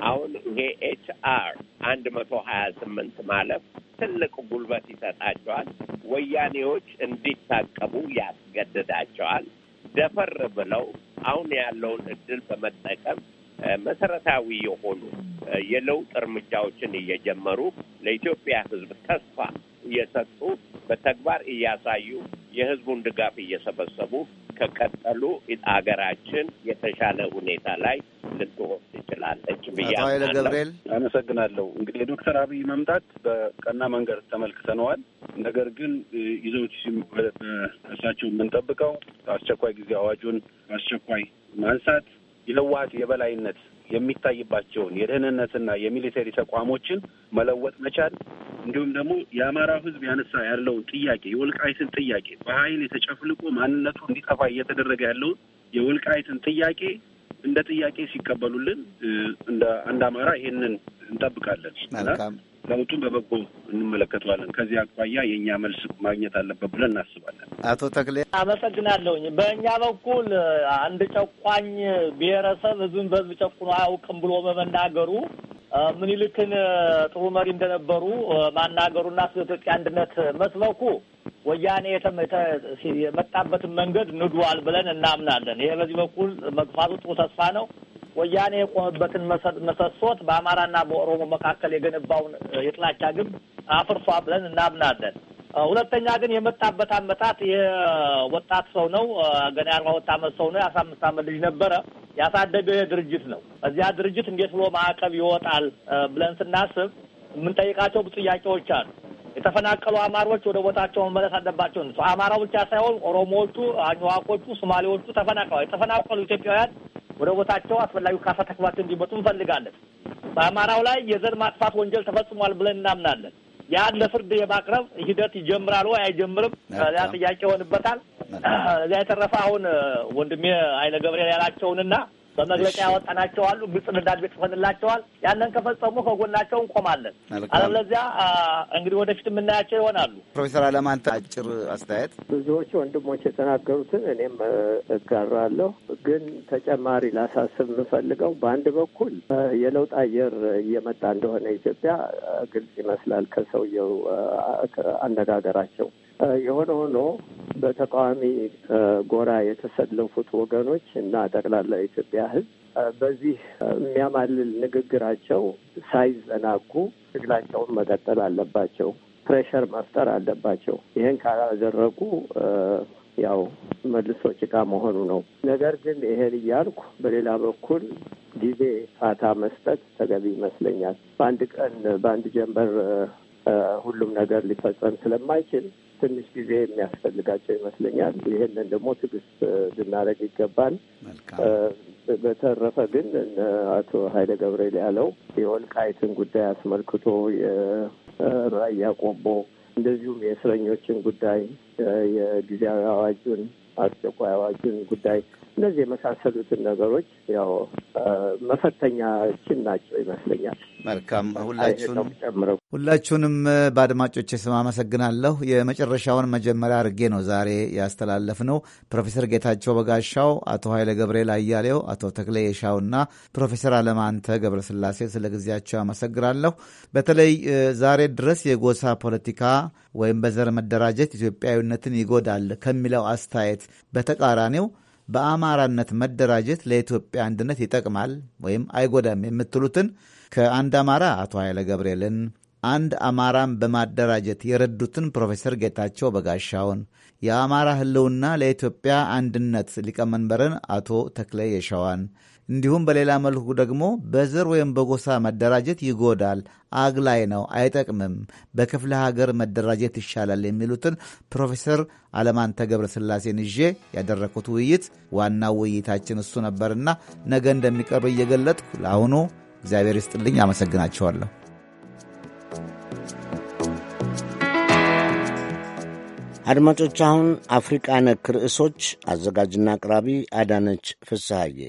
አሁን ይሄ ኤች አር አንድ መቶ ሀያ ስምንት ማለፍ ትልቅ ጉልበት ይሰጣቸዋል። ወያኔዎች እንዲታቀቡ ያስገድዳቸዋል። ደፈር ብለው አሁን ያለውን እድል በመጠቀም መሰረታዊ የሆኑ የለውጥ እርምጃዎችን እየጀመሩ ለኢትዮጵያ ሕዝብ ተስፋ እየሰጡ በተግባር እያሳዩ የሕዝቡን ድጋፍ እየሰበሰቡ ከቀጠሉ አገራችን የተሻለ ሁኔታ ላይ ልትሆን ትችላለች ብዬ ገብርኤል አመሰግናለሁ። እንግዲህ የዶክተር አብይ መምጣት በቀና መንገድ ተመልክተነዋል። ነገር ግን ይዘውት እሳቸው የምንጠብቀው አስቸኳይ ጊዜ አዋጁን አስቸኳይ ማንሳት የህወሓት የበላይነት የሚታይባቸውን የደህንነትና የሚሊተሪ ተቋሞችን መለወጥ መቻል እንዲሁም ደግሞ የአማራው ህዝብ ያነሳ ያለውን ጥያቄ የወልቃይትን ጥያቄ በኃይል የተጨፍልቆ ማንነቱ እንዲጠፋ እየተደረገ ያለውን የወልቃይትን ጥያቄ እንደ ጥያቄ ሲቀበሉልን እንደ አንድ አማራ ይሄንን እንጠብቃለን። ለውጡን በበጎ እንመለከተዋለን። ከዚህ አኳያ የእኛ መልስ ማግኘት አለበት ብለን እናስባለን። አቶ ተክሌ አመሰግናለሁኝ። በእኛ በኩል አንድ ጨቋኝ ብሔረሰብ ህዝብን በህዝብ ጨቁኖ አያውቅም ብሎ በመናገሩ ምኒልክን ጥሩ መሪ እንደነበሩ ማናገሩና ስለኢትዮጵያ ኢትዮጵያ አንድነት መስበኩ ወያኔ የመጣበትን መንገድ ንዷል ብለን እናምናለን። ይሄ በዚህ በኩል መግፋቱ ጥሩ ተስፋ ነው። ወያኔ የቆመበትን መሰሶት በአማራና በኦሮሞ መካከል የገነባውን የጥላቻ ግንብ አፍርሷ ብለን እናምናለን። ሁለተኛ ግን የመጣበት አመታት የወጣት ሰው ነው። ገና የአርባ ሁለት አመት ሰው ነው። የአስራ አምስት አመት ልጅ ነበረ። ያሳደገው ድርጅት ነው። እዚያ ድርጅት እንዴት ብሎ ማዕቀብ ይወጣል ብለን ስናስብ የምንጠይቃቸው ብዙ ጥያቄዎች አሉ። የተፈናቀሉ አማሮች ወደ ቦታቸው መመለስ አለባቸው። አማራ ብቻ ሳይሆን ኦሮሞዎቹ፣ አኝዋቆቹ፣ ሶማሌዎቹ ተፈናቅለዋል። የተፈናቀሉ ኢትዮጵያውያን ወደ ቦታቸው አስፈላጊ ካሳ እንዲመጡ እንፈልጋለን። በአማራው ላይ የዘር ማጥፋት ወንጀል ተፈጽሟል ብለን እናምናለን። ያን ለፍርድ የማቅረብ ሂደት ይጀምራል ወይ አይጀምርም? ያ ጥያቄ ይሆንበታል። እዚያ የተረፈ አሁን ወንድሜ አይነ ገብርኤል ያላቸውንና በመግለጫ ያወጣናቸው አሉ። ግልጽ ድንዳቤ ጽፈንላቸዋል። ያንን ከፈጸሙ ከጎናቸው እንቆማለን። አለበለዚያ እንግዲህ ወደፊት የምናያቸው ይሆናሉ። ፕሮፌሰር አለም አንተ አጭር አስተያየት። ብዙዎቹ ወንድሞች የተናገሩትን እኔም እጋራለሁ፣ ግን ተጨማሪ ላሳስብ የምፈልገው በአንድ በኩል የለውጥ አየር እየመጣ እንደሆነ ኢትዮጵያ ግልጽ ይመስላል ከሰውየው አነጋገራቸው የሆነ ሆኖ በተቃዋሚ ጎራ የተሰለፉት ወገኖች እና ጠቅላላ የኢትዮጵያ ሕዝብ በዚህ የሚያማልል ንግግራቸው ሳይዘናጉ ትግላቸውን መቀጠል አለባቸው። ፕሬሸር መፍጠር አለባቸው። ይህን ካላደረጉ ያው መልሶ ጭቃ መሆኑ ነው። ነገር ግን ይሄን እያልኩ በሌላ በኩል ጊዜ ፋታ መስጠት ተገቢ ይመስለኛል። በአንድ ቀን በአንድ ጀንበር ሁሉም ነገር ሊፈጸም ስለማይችል ትንሽ ጊዜ የሚያስፈልጋቸው ይመስለኛል። ይህንን ደግሞ ትዕግስት ልናደርግ ይገባል። በተረፈ ግን አቶ ኃይለ ገብርኤል ያለው የወልቃይትን ጉዳይ አስመልክቶ የራያ ቆቦ እንደዚሁም የእስረኞችን ጉዳይ የጊዜያዊ አዋጁን አስቸኳይ አዋጁን ጉዳይ እነዚህ የመሳሰሉትን ነገሮች ያው መፈተኛችን ናቸው ይመስለኛል። መልካም ሁላችሁንም ሁላችሁንም በአድማጮች ስም አመሰግናለሁ። የመጨረሻውን መጀመሪያ አድርጌ ነው ዛሬ ያስተላለፍ ነው። ፕሮፌሰር ጌታቸው በጋሻው፣ አቶ ኃይለ ገብርኤል አያሌው፣ አቶ ተክሌ የሻውና ፕሮፌሰር አለማንተ ገብረስላሴ ስለ ጊዜያቸው አመሰግናለሁ። በተለይ ዛሬ ድረስ የጎሳ ፖለቲካ ወይም በዘር መደራጀት ኢትዮጵያዊነትን ይጎዳል ከሚለው አስተያየት በተቃራኒው በአማራነት መደራጀት ለኢትዮጵያ አንድነት ይጠቅማል ወይም አይጎዳም የምትሉትን ከአንድ አማራ አቶ ኃይለ ገብርኤልን አንድ አማራን በማደራጀት የረዱትን ፕሮፌሰር ጌታቸው በጋሻውን የአማራ ሕልውና ለኢትዮጵያ አንድነት ሊቀመንበርን አቶ ተክለ የሸዋን እንዲሁም በሌላ መልኩ ደግሞ በዘር ወይም በጎሳ መደራጀት ይጎዳል፣ አግላይ ነው፣ አይጠቅምም፣ በክፍለ ሀገር መደራጀት ይሻላል የሚሉትን ፕሮፌሰር አለማንተ ገብረስላሴን ይዤ ያደረግኩት ውይይት ዋናው ውይይታችን እሱ ነበርና ነገ እንደሚቀርብ እየገለጥኩ ለአሁኑ እግዚአብሔር ይስጥልኝ፣ አመሰግናቸዋለሁ። አድማጮች አሁን አፍሪቃ ነክ ርዕሶች አዘጋጅና አቅራቢ አዳነች ፍስሐዬ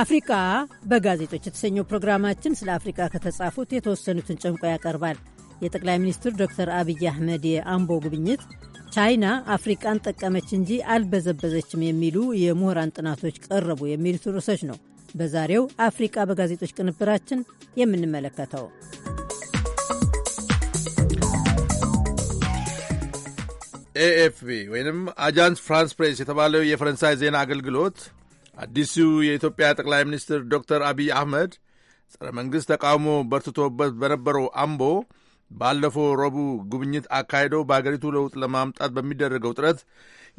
አፍሪቃ በጋዜጦች የተሰኘው ፕሮግራማችን ስለ አፍሪቃ ከተጻፉት የተወሰኑትን ጨምቆ ያቀርባል። የጠቅላይ ሚኒስትር ዶክተር አብይ አህመድ የአምቦ ጉብኝት ቻይና አፍሪቃን ጠቀመች እንጂ አልበዘበዘችም የሚሉ የምሁራን ጥናቶች ቀረቡ የሚሉት ርዕሶች ነው በዛሬው አፍሪቃ በጋዜጦች ቅንብራችን የምንመለከተው። ኤኤፍቢ ወይም አጃንስ ፍራንስ ፕሬስ የተባለው የፈረንሳይ ዜና አገልግሎት አዲሱ የኢትዮጵያ ጠቅላይ ሚኒስትር ዶክተር አብይ አህመድ ጸረ መንግሥት ተቃውሞ በርትቶበት በነበረው አምቦ ባለፈው ረቡዕ ጉብኝት አካሂደው በአገሪቱ ለውጥ ለማምጣት በሚደረገው ጥረት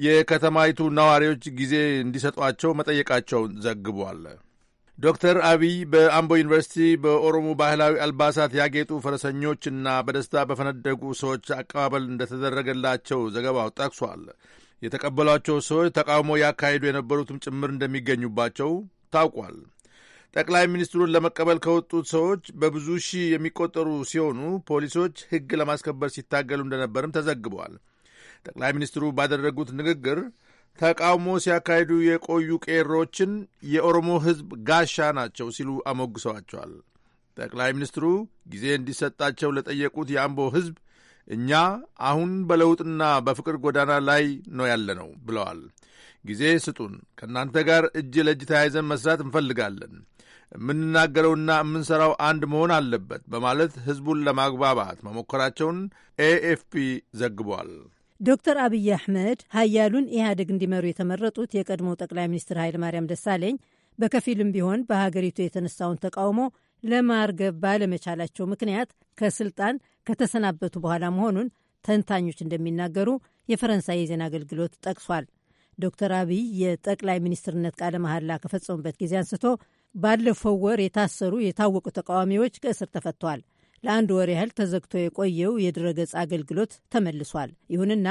የከተማይቱ ነዋሪዎች ጊዜ እንዲሰጧቸው መጠየቃቸውን ዘግቧል። ዶክተር አብይ በአምቦ ዩኒቨርሲቲ በኦሮሞ ባህላዊ አልባሳት ያጌጡ ፈረሰኞችና በደስታ በፈነደቁ ሰዎች አቀባበል እንደተደረገላቸው ዘገባው ጠቅሷል። የተቀበሏቸው ሰዎች ተቃውሞ ያካሄዱ የነበሩትም ጭምር እንደሚገኙባቸው ታውቋል። ጠቅላይ ሚኒስትሩን ለመቀበል ከወጡት ሰዎች በብዙ ሺህ የሚቆጠሩ ሲሆኑ ፖሊሶች ሕግ ለማስከበር ሲታገሉ እንደነበርም ተዘግበዋል። ጠቅላይ ሚኒስትሩ ባደረጉት ንግግር ተቃውሞ ሲያካሂዱ የቆዩ ቄሮችን የኦሮሞ ሕዝብ ጋሻ ናቸው ሲሉ አሞግሰዋቸዋል። ጠቅላይ ሚኒስትሩ ጊዜ እንዲሰጣቸው ለጠየቁት የአምቦ ሕዝብ እኛ አሁን በለውጥና በፍቅር ጎዳና ላይ ነው ያለነው ብለዋል። ጊዜ ስጡን። ከእናንተ ጋር እጅ ለእጅ ተያይዘን መስራት እንፈልጋለን። የምንናገረውና የምንሠራው አንድ መሆን አለበት በማለት ሕዝቡን ለማግባባት መሞከራቸውን ኤኤፍፒ ዘግቧል። ዶክተር አብይ አሕመድ ሀያሉን ኢህአዴግ እንዲመሩ የተመረጡት የቀድሞ ጠቅላይ ሚኒስትር ማርያም ደሳለኝ በከፊልም ቢሆን በሀገሪቱ የተነሳውን ተቃውሞ ለማርገብ ባለመቻላቸው ምክንያት ከስልጣን ከተሰናበቱ በኋላ መሆኑን ተንታኞች እንደሚናገሩ የፈረንሳይ የዜና አገልግሎት ጠቅሷል። ዶክተር አብይ የጠቅላይ ሚኒስትርነት ቃለ መሐላ ከፈጸሙበት ጊዜ አንስቶ ባለፈው ወር የታሰሩ የታወቁ ተቃዋሚዎች ከእስር ተፈተዋል። ለአንድ ወር ያህል ተዘግቶ የቆየው የድረገጽ አገልግሎት ተመልሷል። ይሁንና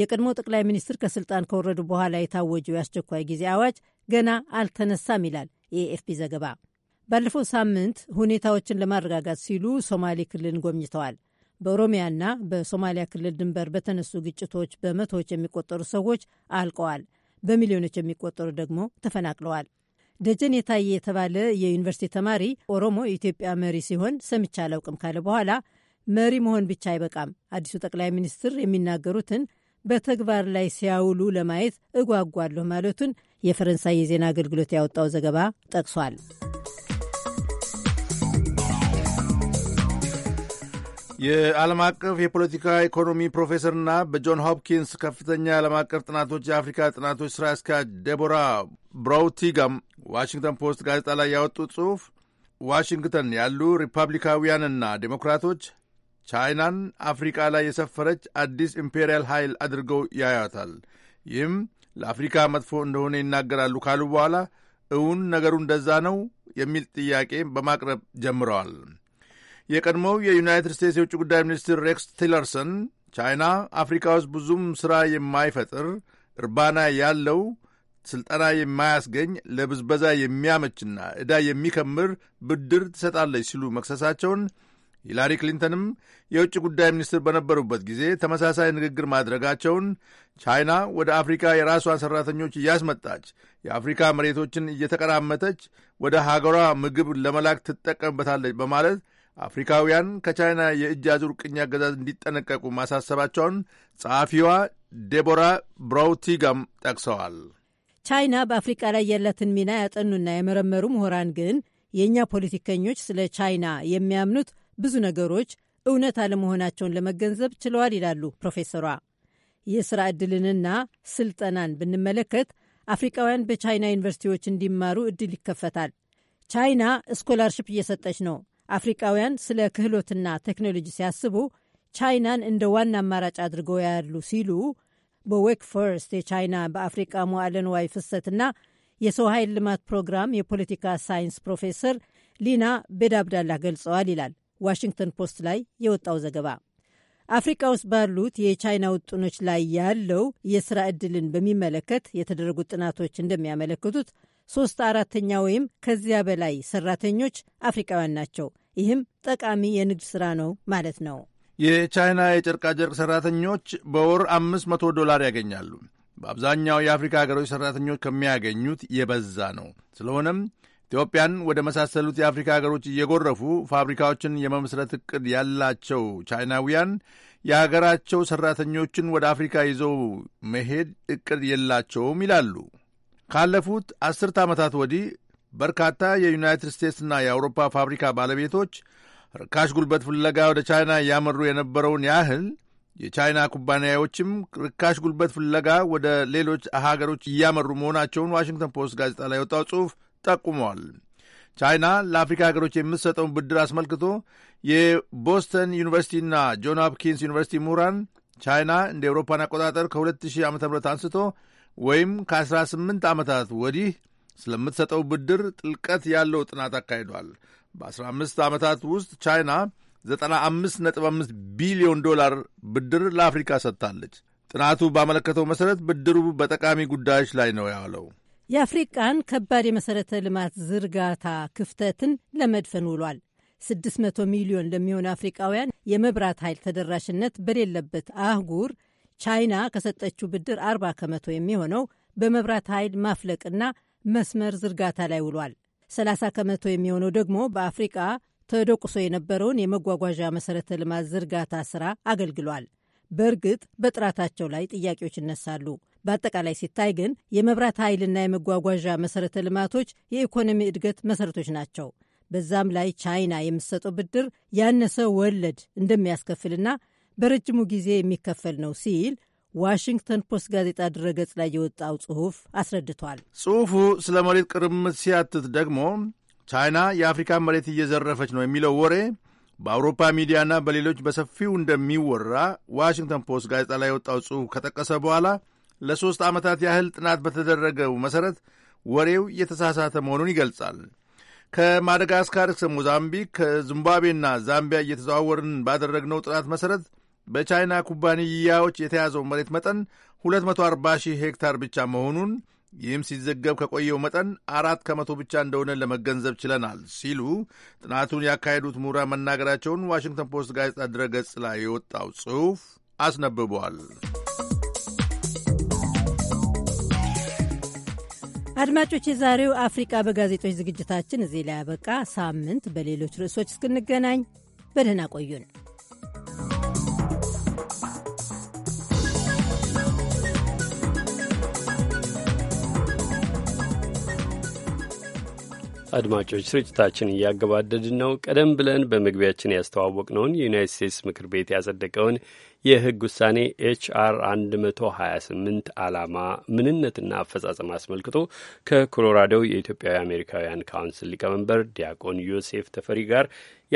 የቀድሞ ጠቅላይ ሚኒስትር ከስልጣን ከወረዱ በኋላ የታወጀው የአስቸኳይ ጊዜ አዋጅ ገና አልተነሳም ይላል የኤኤፍፒ ዘገባ። ባለፈው ሳምንት ሁኔታዎችን ለማረጋጋት ሲሉ ሶማሌ ክልልን ጎብኝተዋል። በኦሮሚያና በሶማሊያ ክልል ድንበር በተነሱ ግጭቶች በመቶዎች የሚቆጠሩ ሰዎች አልቀዋል፣ በሚሊዮኖች የሚቆጠሩ ደግሞ ተፈናቅለዋል። ደጀን የታየ የተባለ የዩኒቨርሲቲ ተማሪ ኦሮሞ የኢትዮጵያ መሪ ሲሆን ሰምቼ አላውቅም ካለ በኋላ መሪ መሆን ብቻ አይበቃም፣ አዲሱ ጠቅላይ ሚኒስትር የሚናገሩትን በተግባር ላይ ሲያውሉ ለማየት እጓጓለሁ ማለቱን የፈረንሳይ የዜና አገልግሎት ያወጣው ዘገባ ጠቅሷል። የዓለም አቀፍ የፖለቲካ ኢኮኖሚ ፕሮፌሰርና በጆን ሆፕኪንስ ከፍተኛ የዓለም አቀፍ ጥናቶች የአፍሪካ ጥናቶች ስራ አስኪያጅ ዴቦራ ብራውቲጋም ዋሽንግተን ፖስት ጋዜጣ ላይ ያወጡት ጽሑፍ ዋሽንግተን ያሉ ሪፐብሊካውያንና ዴሞክራቶች ቻይናን አፍሪቃ ላይ የሰፈረች አዲስ ኢምፔሪያል ኃይል አድርገው ያያታል። ይህም ለአፍሪካ መጥፎ እንደሆነ ይናገራሉ ካሉ በኋላ እውን ነገሩ እንደዛ ነው የሚል ጥያቄ በማቅረብ ጀምረዋል። የቀድሞው የዩናይትድ ስቴትስ የውጭ ጉዳይ ሚኒስትር ሬክስ ቲለርሰን ቻይና አፍሪካ ውስጥ ብዙም ሥራ የማይፈጥር እርባና ያለው ሥልጠና የማያስገኝ ለብዝበዛ የሚያመችና ዕዳ የሚከምር ብድር ትሰጣለች ሲሉ መክሰሳቸውን ሂላሪ ክሊንተንም የውጭ ጉዳይ ሚኒስትር በነበሩበት ጊዜ ተመሳሳይ ንግግር ማድረጋቸውን ቻይና ወደ አፍሪካ የራሷን ሠራተኞች እያስመጣች የአፍሪካ መሬቶችን እየተቀራመተች ወደ ሀገሯ ምግብ ለመላክ ትጠቀምበታለች በማለት አፍሪካውያን ከቻይና የእጅ አዙር ቅኝ አገዛዝ እንዲጠነቀቁ ማሳሰባቸውን ጸሐፊዋ ዴቦራ ብራውቲጋም ጠቅሰዋል። ቻይና በአፍሪቃ ላይ ያላትን ሚና ያጠኑና የመረመሩ ምሁራን ግን የእኛ ፖለቲከኞች ስለ ቻይና የሚያምኑት ብዙ ነገሮች እውነት አለመሆናቸውን ለመገንዘብ ችለዋል ይላሉ ፕሮፌሰሯ። የሥራ ዕድልንና ስልጠናን ብንመለከት አፍሪቃውያን በቻይና ዩኒቨርሲቲዎች እንዲማሩ ዕድል ይከፈታል። ቻይና ስኮላርሽፕ እየሰጠች ነው። አፍሪቃውያን ስለ ክህሎትና ቴክኖሎጂ ሲያስቡ ቻይናን እንደ ዋና አማራጭ አድርገው ያሉ ሲሉ በዌክ ፈርስት የቻይና በአፍሪቃ መዋዕለ ንዋይ ፍሰትና የሰው ኃይል ልማት ፕሮግራም የፖለቲካ ሳይንስ ፕሮፌሰር ሊና ቤዳብዳላ ገልጸዋል ይላል ዋሽንግተን ፖስት ላይ የወጣው ዘገባ። አፍሪቃ ውስጥ ባሉት የቻይና ውጥኖች ላይ ያለው የሥራ ዕድልን በሚመለከት የተደረጉት ጥናቶች እንደሚያመለክቱት ሶስት አራተኛ ወይም ከዚያ በላይ ሰራተኞች አፍሪካውያን ናቸው። ይህም ጠቃሚ የንግድ ሥራ ነው ማለት ነው። የቻይና የጨርቃጨርቅ ሠራተኞች በወር አምስት መቶ ዶላር ያገኛሉ። በአብዛኛው የአፍሪካ ሀገሮች ሠራተኞች ከሚያገኙት የበዛ ነው። ስለሆነም ኢትዮጵያን ወደ መሳሰሉት የአፍሪካ ሀገሮች እየጎረፉ ፋብሪካዎችን የመመስረት ዕቅድ ያላቸው ቻይናውያን የሀገራቸው ሠራተኞችን ወደ አፍሪካ ይዘው መሄድ ዕቅድ የላቸውም ይላሉ። ካለፉት አስርተ ዓመታት ወዲህ በርካታ የዩናይትድ ስቴትስና የአውሮፓ ፋብሪካ ባለቤቶች ርካሽ ጉልበት ፍለጋ ወደ ቻይና እያመሩ የነበረውን ያህል የቻይና ኩባንያዎችም ርካሽ ጉልበት ፍለጋ ወደ ሌሎች ሀገሮች እያመሩ መሆናቸውን ዋሽንግተን ፖስት ጋዜጣ ላይ የወጣው ጽሑፍ ጠቁመዋል። ቻይና ለአፍሪካ ሀገሮች የምትሰጠውን ብድር አስመልክቶ የቦስተን ዩኒቨርሲቲና ጆን ሆፕኪንስ ዩኒቨርሲቲ ምሁራን ቻይና እንደ ኤውሮፓን አቆጣጠር ከ2000 ዓ ም አንስቶ ወይም ከ18 ዓመታት ወዲህ ስለምትሰጠው ብድር ጥልቀት ያለው ጥናት አካሂዷል። በ15 ዓመታት ውስጥ ቻይና 95.5 ቢሊዮን ዶላር ብድር ለአፍሪካ ሰጥታለች። ጥናቱ ባመለከተው መሠረት ብድሩ በጠቃሚ ጉዳዮች ላይ ነው ያለው። የአፍሪቃን ከባድ የመሠረተ ልማት ዝርጋታ ክፍተትን ለመድፈን ውሏል። 600 ሚሊዮን ለሚሆን አፍሪቃውያን የመብራት ኃይል ተደራሽነት በሌለበት አህጉር ቻይና ከሰጠችው ብድር 40 ከመቶ የሚሆነው በመብራት ኃይል ማፍለቅና መስመር ዝርጋታ ላይ ውሏል። 30 ከመቶ የሚሆነው ደግሞ በአፍሪቃ ተደቁሶ የነበረውን የመጓጓዣ መሰረተ ልማት ዝርጋታ ስራ አገልግሏል። በእርግጥ በጥራታቸው ላይ ጥያቄዎች ይነሳሉ። በአጠቃላይ ሲታይ ግን የመብራት ኃይልና የመጓጓዣ መሰረተ ልማቶች የኢኮኖሚ እድገት መሰረቶች ናቸው። በዛም ላይ ቻይና የምትሰጠው ብድር ያነሰ ወለድ እንደሚያስከፍልና በረጅሙ ጊዜ የሚከፈል ነው ሲል ዋሽንግተን ፖስት ጋዜጣ ድረገጽ ላይ የወጣው ጽሑፍ አስረድቷል። ጽሑፉ ስለ መሬት ቅርምት ሲያትት ደግሞ ቻይና የአፍሪካን መሬት እየዘረፈች ነው የሚለው ወሬ በአውሮፓ ሚዲያና በሌሎች በሰፊው እንደሚወራ ዋሽንግተን ፖስት ጋዜጣ ላይ የወጣው ጽሑፍ ከጠቀሰ በኋላ ለሦስት ዓመታት ያህል ጥናት በተደረገው መሠረት ወሬው እየተሳሳተ መሆኑን ይገልጻል። ከማደጋስካር እስከ ሞዛምቢክ ከዚምባብዌና ዛምቢያ እየተዘዋወርን ባደረግነው ጥናት መሠረት በቻይና ኩባንያዎች የተያዘው መሬት መጠን 240 ሺህ ሄክታር ብቻ መሆኑን ይህም ሲዘገብ ከቆየው መጠን አራት ከመቶ ብቻ እንደሆነ ለመገንዘብ ችለናል ሲሉ ጥናቱን ያካሄዱት ምሁራን መናገራቸውን ዋሽንግተን ፖስት ጋዜጣ ድረገጽ ላይ የወጣው ጽሑፍ አስነብቧል። አድማጮች፣ የዛሬው አፍሪቃ በጋዜጦች ዝግጅታችን እዚህ ላይ ያበቃ። ሳምንት በሌሎች ርዕሶች እስክንገናኝ በደህና ቆዩን። አድማጮች ስርጭታችን እያገባደድን ነው። ቀደም ብለን በመግቢያችን ያስተዋወቅነውን የዩናይት ስቴትስ ምክር ቤት ያጸደቀውን የህግ ውሳኔ ኤችአር 128 ዓላማ ምንነትና አፈጻጸም አስመልክቶ ከኮሎራዶው የኢትዮጵያዊ አሜሪካውያን ካውንስል ሊቀመንበር ዲያቆን ዮሴፍ ተፈሪ ጋር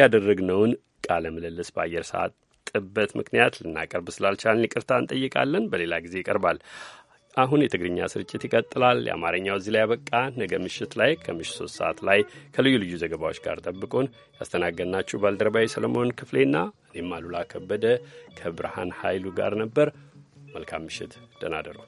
ያደረግነውን ቃለ ምልልስ በአየር ሰዓት ጥበት ምክንያት ልናቀርብ ስላልቻልን ይቅርታ እንጠይቃለን። በሌላ ጊዜ ይቀርባል። አሁን የትግርኛ ስርጭት ይቀጥላል። የአማርኛው እዚህ ላይ ያበቃ። ነገ ምሽት ላይ ከምሽት ሶስት ሰዓት ላይ ከልዩ ልዩ ዘገባዎች ጋር ጠብቁን። ያስተናገድናችሁ ባልደረባዊ ሰለሞን ክፍሌና እኔም አሉላ ከበደ ከብርሃን ኃይሉ ጋር ነበር። መልካም ምሽት፣ ደህና እደሩ።